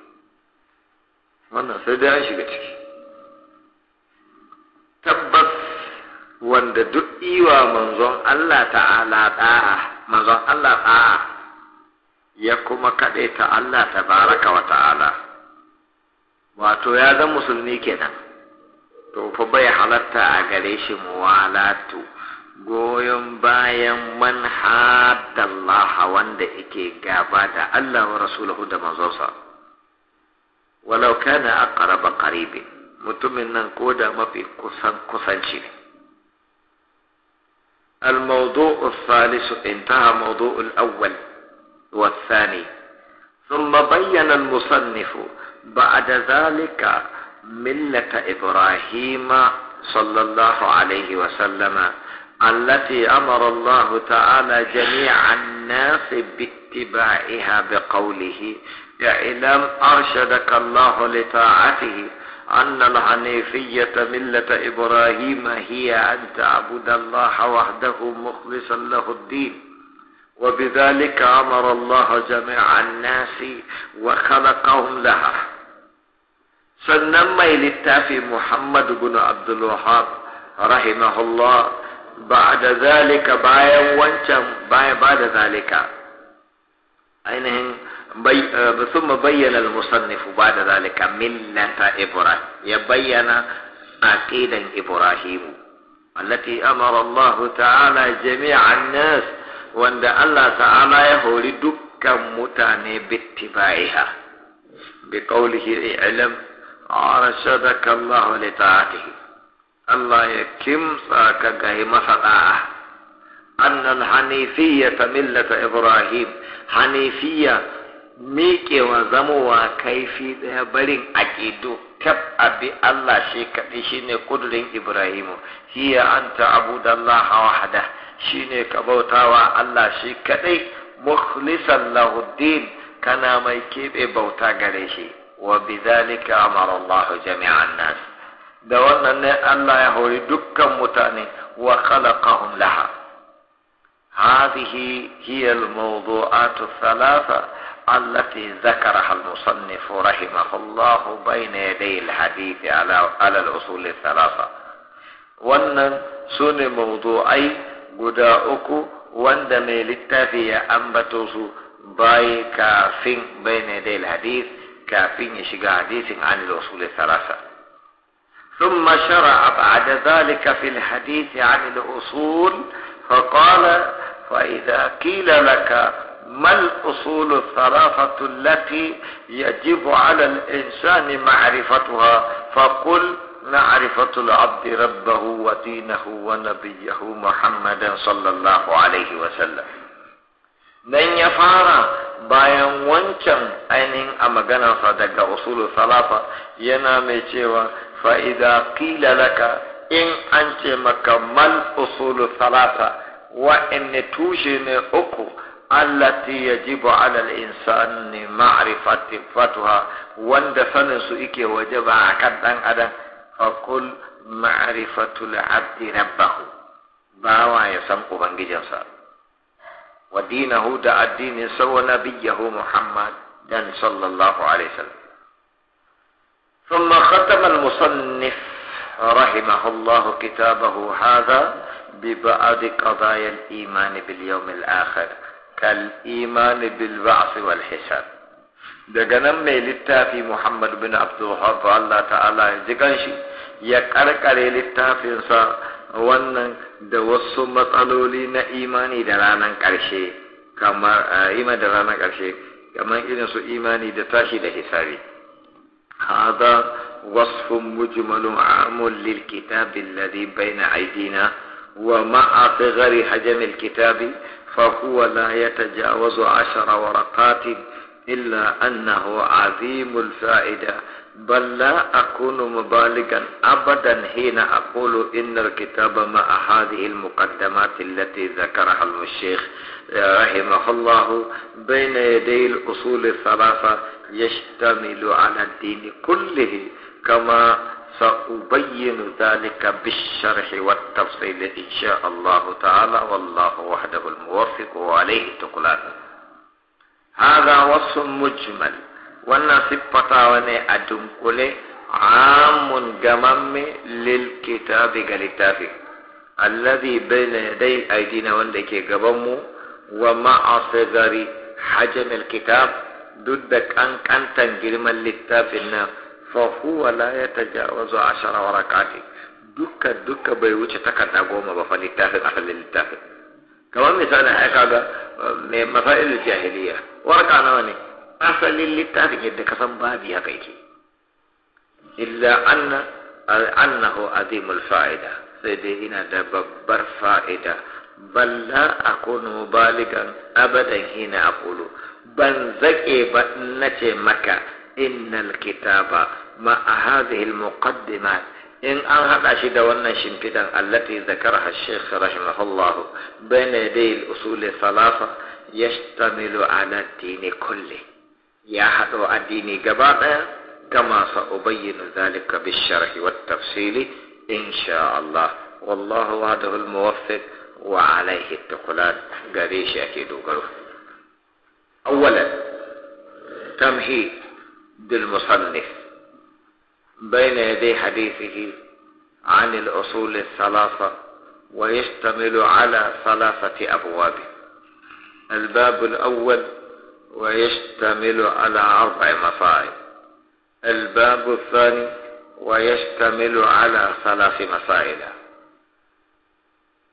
wannan sai dai an shiga ciki tabbas wanda duk iwa manzon Allah ta'ala da'a manzon Allah da'a ya kuma kaɗe ta Allah tabaraka wa ta'ala wato ya zan musulmi kenan to fa bai halatta a gare shi muwalatu goyon bayan man haddallaha wanda yake gaba da Allah wa Rasuluhu da manzonsa. Walau kana aqraba qaribi mutumin nan ko da mafi kusan kusanci ne. الموضوع الثالث انتهى موضوع الأول والثاني ثم بين المصنف بعد ذلك ملة إبراهيم صلى الله عليه وسلم التي أمر الله تعالى جميع الناس باتباعها بقوله اعلم أرشدك الله لطاعته أن الحنيفية ملة إبراهيم هي أن تعبد الله وحده مخلصا له الدين وبذلك أمر الله جميع الناس وخلقهم لها sannan للتافي محمد بن عبد الوهاب رحمه الله بعد ذلك بايا وانتم بايا بعد ذلك أينهم بي... آه، ثم بين المصنف بعد ذلك ملة إبراهيم يبين عقيدة إبراهيم التي أمر الله تعالى جميع الناس وأن الله تعالى يهولدك متان باتباعها بقوله اعلم رشدك الله لطاعته Allah ya kimsa ka gahi masa da'a hanifiyya ta millata Ibrahim hanifiyya miƙewa zamowa kaifi ɗaya barin aƙidu kaf abi Allah shi kaɗai shine ƙudurin Ibrahimu hiya anta abudallaha wahda shine ka bautawa Allah shi kaɗai mukhlisan lahuddin kana mai keɓe bauta gare shi wa bidhalika amara Allah jami'an nas da wannan ne Allah ya hori dukkan mutane wa khalaqahum laha هذه هي zakar الثلاثة التي ذكرها المصنف رحمه الله بين يدي ala على على الأصول الثلاثة wannan sune ne mawdu'ai guda uku wanda mai littafi ya ambato su bai kafin bai ne da hadith kafin ya shiga hadisin an usul salasa ثم شرع بعد ذلك في الحديث عن الأصول فقال فإذا قيل لك ما الأصول الثلاثة التي يجب على الإنسان معرفتها فقل معرفة العبد ربه ودينه ونبيه محمدا صلى الله عليه وسلم من ya bayan wancan ainihin a maganarsa daga usulu salafa yana mai cewa فإذا قيل لك إن أنت مك من أصول ثلاثة وإن توجن أكو التي يجب على الإنسان معرفة فتها واندفن سئك وجب عقدا أدا فقل معرفة العبد ربه باوا يسمق بانجيجنسا ودينه دع الدين سوى نبيه محمد صلى الله عليه وسلم ثم ختم المصنف رحمه الله كتابه هذا ببعض قضايا الإيمان باليوم الآخر كالإيمان بالبعث والحساب دقنا ميلتا في محمد بن عبد الوهاب الله تعالى يزيقنشي يقرق ليلتا في انسا وانا دوص مطلو لنا إيماني دلانا كرشي كما آه، إيمان دلانا كرشي كما إنسو إيماني دتاشي لحسابي هذا وصف مجمل عام للكتاب الذي بين أيدينا ومع صغر حجم الكتاب فهو لا يتجاوز عشر ورقات إلا أنه عظيم الفائدة بل لا أكون مبالغا أبدا حين أقول إن الكتاب مع هذه المقدمات التي ذكرها الشيخ رحمه الله بين يدي الأصول الثلاثة يشتمل على الدين كله كما سأبين ذلك بالشرح والتفصيل إن شاء الله تعالى والله وحده الموفق وعليه تقلان هذا وصف مجمل وانا سبتا وانا أدمكله عام جمم للكتاب كالتافي الذي بين يدي أيدينا وانك قبمه ومع صغر حجم الكتاب duk da kankantan girman littafin nan fa huwa la yatajawazu ashara warakati duka duka bai wuce takarda goma ba fa littafin asalin littafin kamar misalin ai kaga mai masail jahiliya warka nawa ne asalin littafin yadda ka san babi haka yake illa anna annahu azimul fa'ida sai dai ina da babbar fa'ida balla akunu baligan abadan hina aqulu ban zaƙe ba in na ce maka innal kitaba ma a hadhihi al in an haɗa shi da wannan shimfidan allati zakaraha shaykh rahimahullahu bayna yaday al-usul thalatha yashtamilu ala dini kulli ya haɗo addini gaba ɗaya kama sa ubayyinu zalika bisharhi wat tafsili insha Allah wallahu wahdahu al-muwaffiq wa alaihi tukulan gare shi ake dogaro أولا تمهيد للمصنف بين يدي حديثه عن الأصول الثلاثة ويشتمل على ثلاثة أبواب الباب الأول ويشتمل على أربع مصائب الباب الثاني ويشتمل على ثلاث مسائل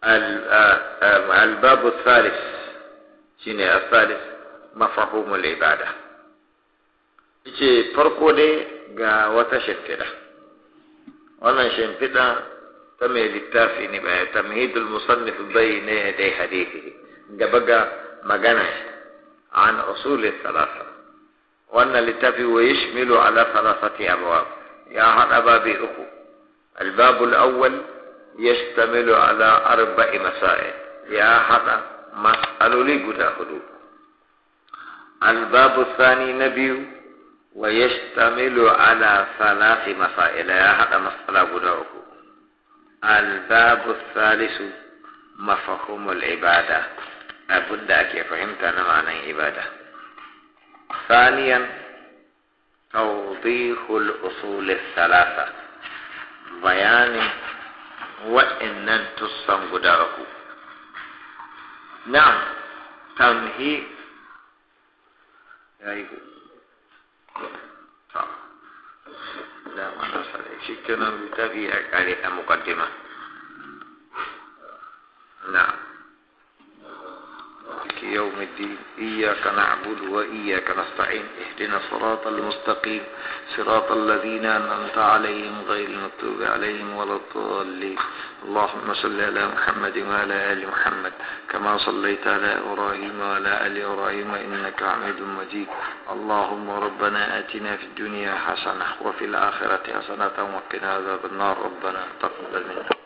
آه، آه، الباب الثالث شنو الثالث mafahumul ibada ce farko dai ga wata shimfiɗa wannan shimfiɗa ta mai littafi ne bai eh, tamhidul musannif bai ne dai hadithi gaba ga magana an usul salasa wannan littafi wa yashmilu ala salasati abwab ya hada babi uku الباب الأول يشتمل على أربع مسائل يا هذا مسألة لي قد الباب الثاني نبي ويشتمل على ثلاث مسائل يا هذا مسألة بدأك الباب الثالث مفهوم العبادة أبدا داك فهمت أنا معنى عبادة ثانيا توضيح الأصول الثلاثة بيان وإن تصم بدأك نعم تمهيد ya haihu da mana sarai shi kenan littafi ya kare a mukaddima na مالك يوم الدين إياك نعبد وإياك نستعين اهدنا الصراط المستقيم صراط الذين أنعمت عليهم غير المغضوب عليهم ولا الضالين اللهم صل على محمد وعلى آل محمد كما صليت على إبراهيم وعلى آل إبراهيم إنك حميد مجيد اللهم ربنا آتنا في الدنيا حسنة وفي الآخرة حسنة وقنا عذاب النار ربنا تقبل منا